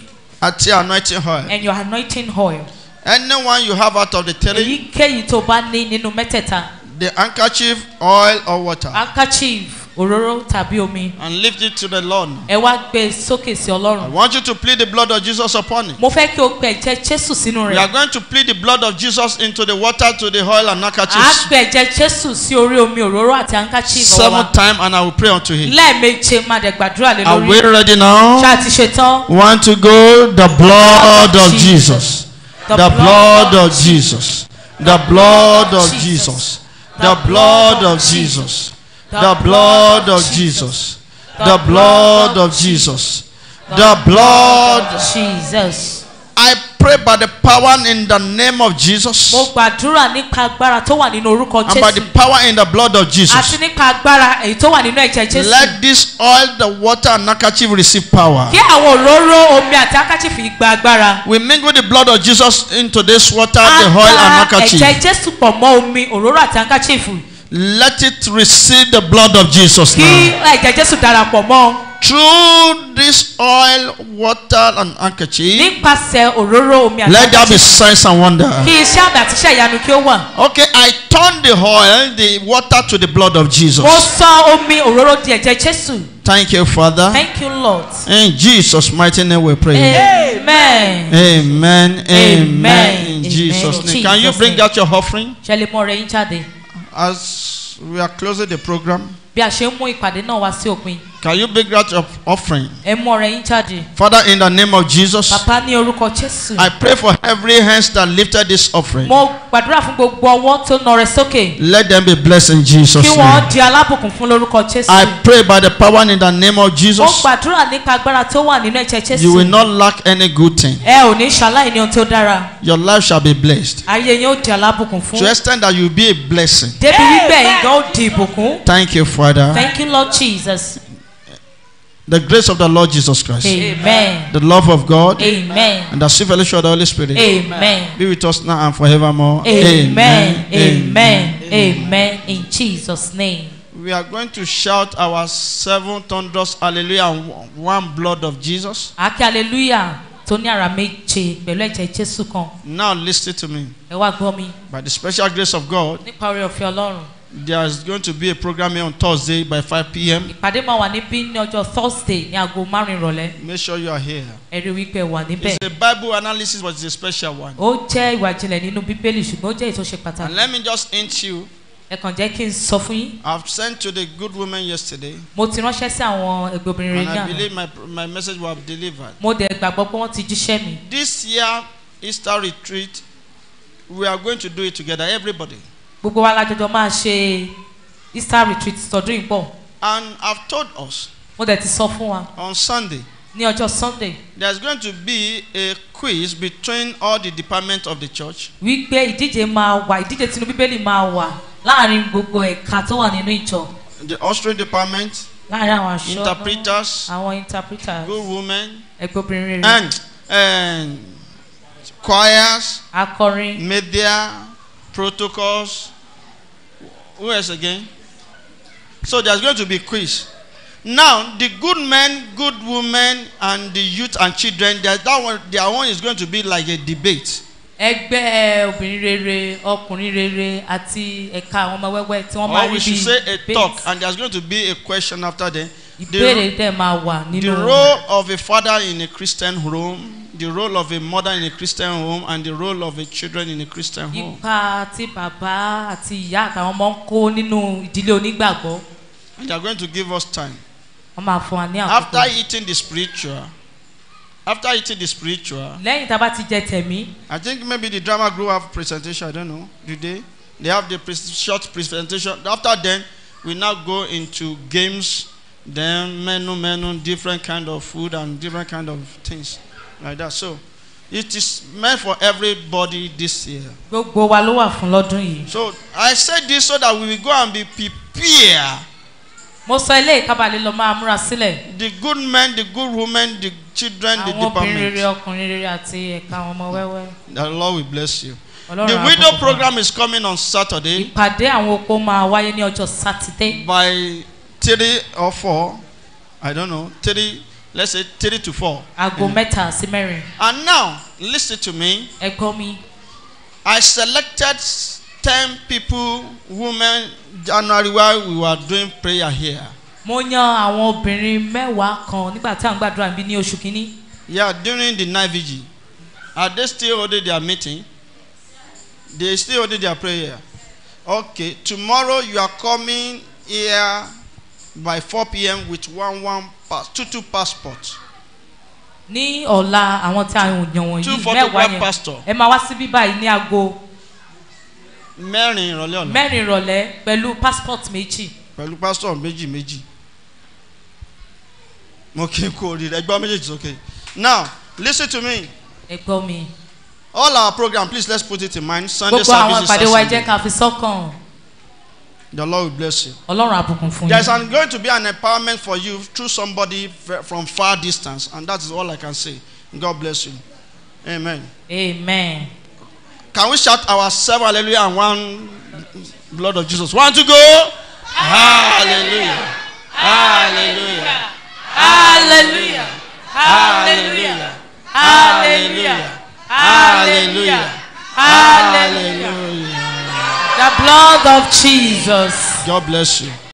àti anointing oil. and your anointing oil. anyone you have out of the three. èyíkéyìí tó bá ní nínú mẹ́tẹ̀ẹ̀ta the handkerchief oil or water. handkerchief òróró tàbí omi. and lift it to the lord. ẹ wá gbé e sókè sí ọlọ́run. I want you to plead the blood of Jesus upon it. mo fẹ́ kí o pẹ ẹ̀jẹ̀ jésù sínú rẹ̀. we are going to plead the blood of Jesus into the water to the oil and handkerchief. a pẹ ẹ̀jẹ̀ jésù sí orí omi òróró àti handkerchief ọwọ́. seven times and I will pray unto him. lẹ́ẹ̀meje máa dẹ̀ gbàdúrà lé lórí. are we ready now? ṣáà ti ṣe tán. want to go the blood of Jesus. the blood of Jesus. the blood of Jesus. the blood of Jesus, the blood of Jesus, the blood of Jesus, the blood of Jesus. I pray by the power in the name of Jesus. Mo gbàdúrà nípa agbára tó wà nínú orúkọ Jésù. And by the power in the blood of Jesus. Àti nípa agbára èyí tó wà nínú ẹ̀jẹ̀ Jésù. Let this oil, the water and handkerchief receive power. Kí àwọn òróró omi àti handkerchief yìí gba agbára. We mingle the blood of Jesus into this water, the oil and handkerchief. Àgbà ẹ̀jẹ̀ Jésù pọ̀ mọ́ omi òróró àti handkerchief. Let it receive the blood of Jesus now. Kí ẹ̀jẹ̀ Jésù darapọ̀ mọ́. through this oil, water, and handkerchief. Let there be signs and wonders. Okay, I turn the oil, the water to the blood of Jesus. Thank you, Father. Thank you, Lord. In Jesus' mighty name we pray. Amen. Amen. Amen. Amen. In Jesus' name. Can you bring out your offering? As we are closing the program. bí a ṣe ń mú ìpàdé náà wá sí òpin. Can you bring that up offering? Ẹ mú ọrẹ yín jáde. Father, in the name of Jesus. Bàbá ní orúkọ Jésù. I pray for every hands that lifted this offering. Mo gbàdúrà fún gbogbo ọwọ́ tó nà rẹ sókè. Let them be blessed in Jesus' name. Kí wọ́n di alábùkún fún lórúkọ Jésù. I pray by the power in the name of Jesus. Mo gbàdúrà nípa agbára tó wà nínú ẹ̀jẹ̀ Jésù. You will not lack any good thing. Ẹ ò ní ṣaláì ní ohun tó dára. Your life shall be blessed. Ayé yín ó di alábùkún fún. To extend that you be a blessing. Débi wípé ìgbà ó di ìbùkún. Thank you for. Father. Thank you, Lord Jesus. The grace of the Lord Jesus Christ. Amen. The love of God. Amen. And the sweet fellowship of the Holy Spirit. Amen. Be with us now and forevermore. Amen. Amen. Amen. In Jesus' name. We are going to shout our seven thunders hallelujah one blood of Jesus. Aki hallelujah tó ara méje pẹ̀lú ẹ̀jẹ̀ Now listen to me. Ẹ wá By the special grace of God. The power of your Lord. There is going to be a program here on Thursday by 5 p.m. Ìpàdé máa wà níbí ní ọjọ́ Thursday ní aago márùn-ún ìrọ̀lẹ́. Make sure you are here. Ẹ rí wípé wà níbẹ̀. It's a Bible analysis but it's a special one. Ó jẹ́ ìwà ìjìnlẹ̀ nínú Bíbélì ṣùgbọ́n ó jẹ́ ìtọ́ṣe pàtàkì. And let me just hint you. Ẹ kàn jẹ́ kí n sọ fún yín. I sent to the good woman yesterday. Mo ti ránṣẹ́ sí àwọn ẹgbẹ́ rẹ̀ ní And I believe my, my message will have delivered. Mo dẹ̀ gbàgbọ́ pé wọ́n ti jíṣẹ́ mi. This year Easter retreat we are going to do it together everybody gbogbo wa lájọjọ máa ṣe Easter retreat tọdún ìpọ. and I've told us. mo dẹ̀ ti sọ fún wa. on Sunday. ní ọjọ́ Sunday. there's going to be a quiz between all the departments of the church. wípé ìdíje máa wà ìdíje tinú bíbélì máa wà láàrin gbogbo ẹ̀ka tó wà nínú ìjọ. the austrian department. láàrin àwọn aṣọ interpreters. àwọn interpreters. good women. ẹgbẹ́ obìnrin rere. and and choirs. akọrin. media protocols. Who else again? So there's going to be quiz. Now, the good men, good women, and the youth and children, that, one, their one is going to be like a debate. Ẹgbẹ́ eh, obìnrin rere, ọkùnrin rere, àti ẹ̀ka àwọn ọmọ wẹ́wẹ́ tí wọ́n máa ń bí. Or we should say a base. talk and there's going to be a question after that. Ìbéèrè dẹ̀ máa wà nínú. The role of a father in a Christian home the role of a mother in a Christian home and the role of a children in a Christian home. Ipa tí bàbá àti ìyá àtàwọn ọmọ ń kó nínú ìdílé onígbàgbọ́. And they are going to give us time. Wọ́n máa fún wa ní àkókò. After eating the spiritual. After eating the spiritual. Lẹ́yìn tá a bá ti jẹ tẹ̀mí. I think maybe the drama group have presentation, I don't know, Today they? They have the pre short presentation. After then, we now go into games, then menu, menu, different kind of food and different kind of things like that so it is meant for everybody this year. gbogbo wa ló wà fún lọ́dún yìí. so I said this so that we will go and be prepared. mo sọ ilé ìkábàlẹ̀ lọ máa múra sílẹ̀. the good men the good women the children the department. àwọn obìnrin rere ọkùnrin rere àti ẹ̀ka àwọn ọmọ wẹ́wẹ́. the Lord will bless you. the widow program is coming on Saturday. Ìpàdé àwọn opó máa wáyé ní ọjọ́ Sátidé. By three or four, I don't know, three let's say three to four. aago mm. mẹ́ta sí mẹ́rin. and now listen to me. ẹ gbọ́ mi. I selected ten people women January while we were doing prayer here. mo yan àwọn obìnrin mẹ́wàá kan nígbà tá à ń gbàdúrà níbí ní oṣù kínní. yeah during the night vigil are they still holding their meeting they still holding their prayer okay tomorrow you are coming here by 4 p.m. with one one pass two two passport. ní ọ̀la àwọn tí a yàn wọ̀nyí mẹ́wàá yẹn ẹ máa wá síbí báyìí ní aago. mẹ́rin ìrọ̀lẹ́ ọ̀la. mẹ́rin ìrọ̀lẹ́ pẹ̀lú passport méjì. pẹ̀lú passport méjì méjì. mo kí n kú oríire ẹgbẹ́ méjèèjì sókè now listen to me. ẹ gbọ́ mi. all our program please let's put it in mind sunday services are sunday. gbogbo àwọn ìpàdé wa jẹ́ ká fi sọ́kàn. The Lord will bless you. There is going to be an empowerment for you through somebody from far distance and that is all I can say. God bless you. Amen. Amen. Can we shout ourselves hallelujah and one blood of Jesus? Want to go? Hallelujah. Hallelujah. Hallelujah. Hallelujah. Hallelujah. Hallelujah. Hallelujah. The blood of Jesus. God bless you.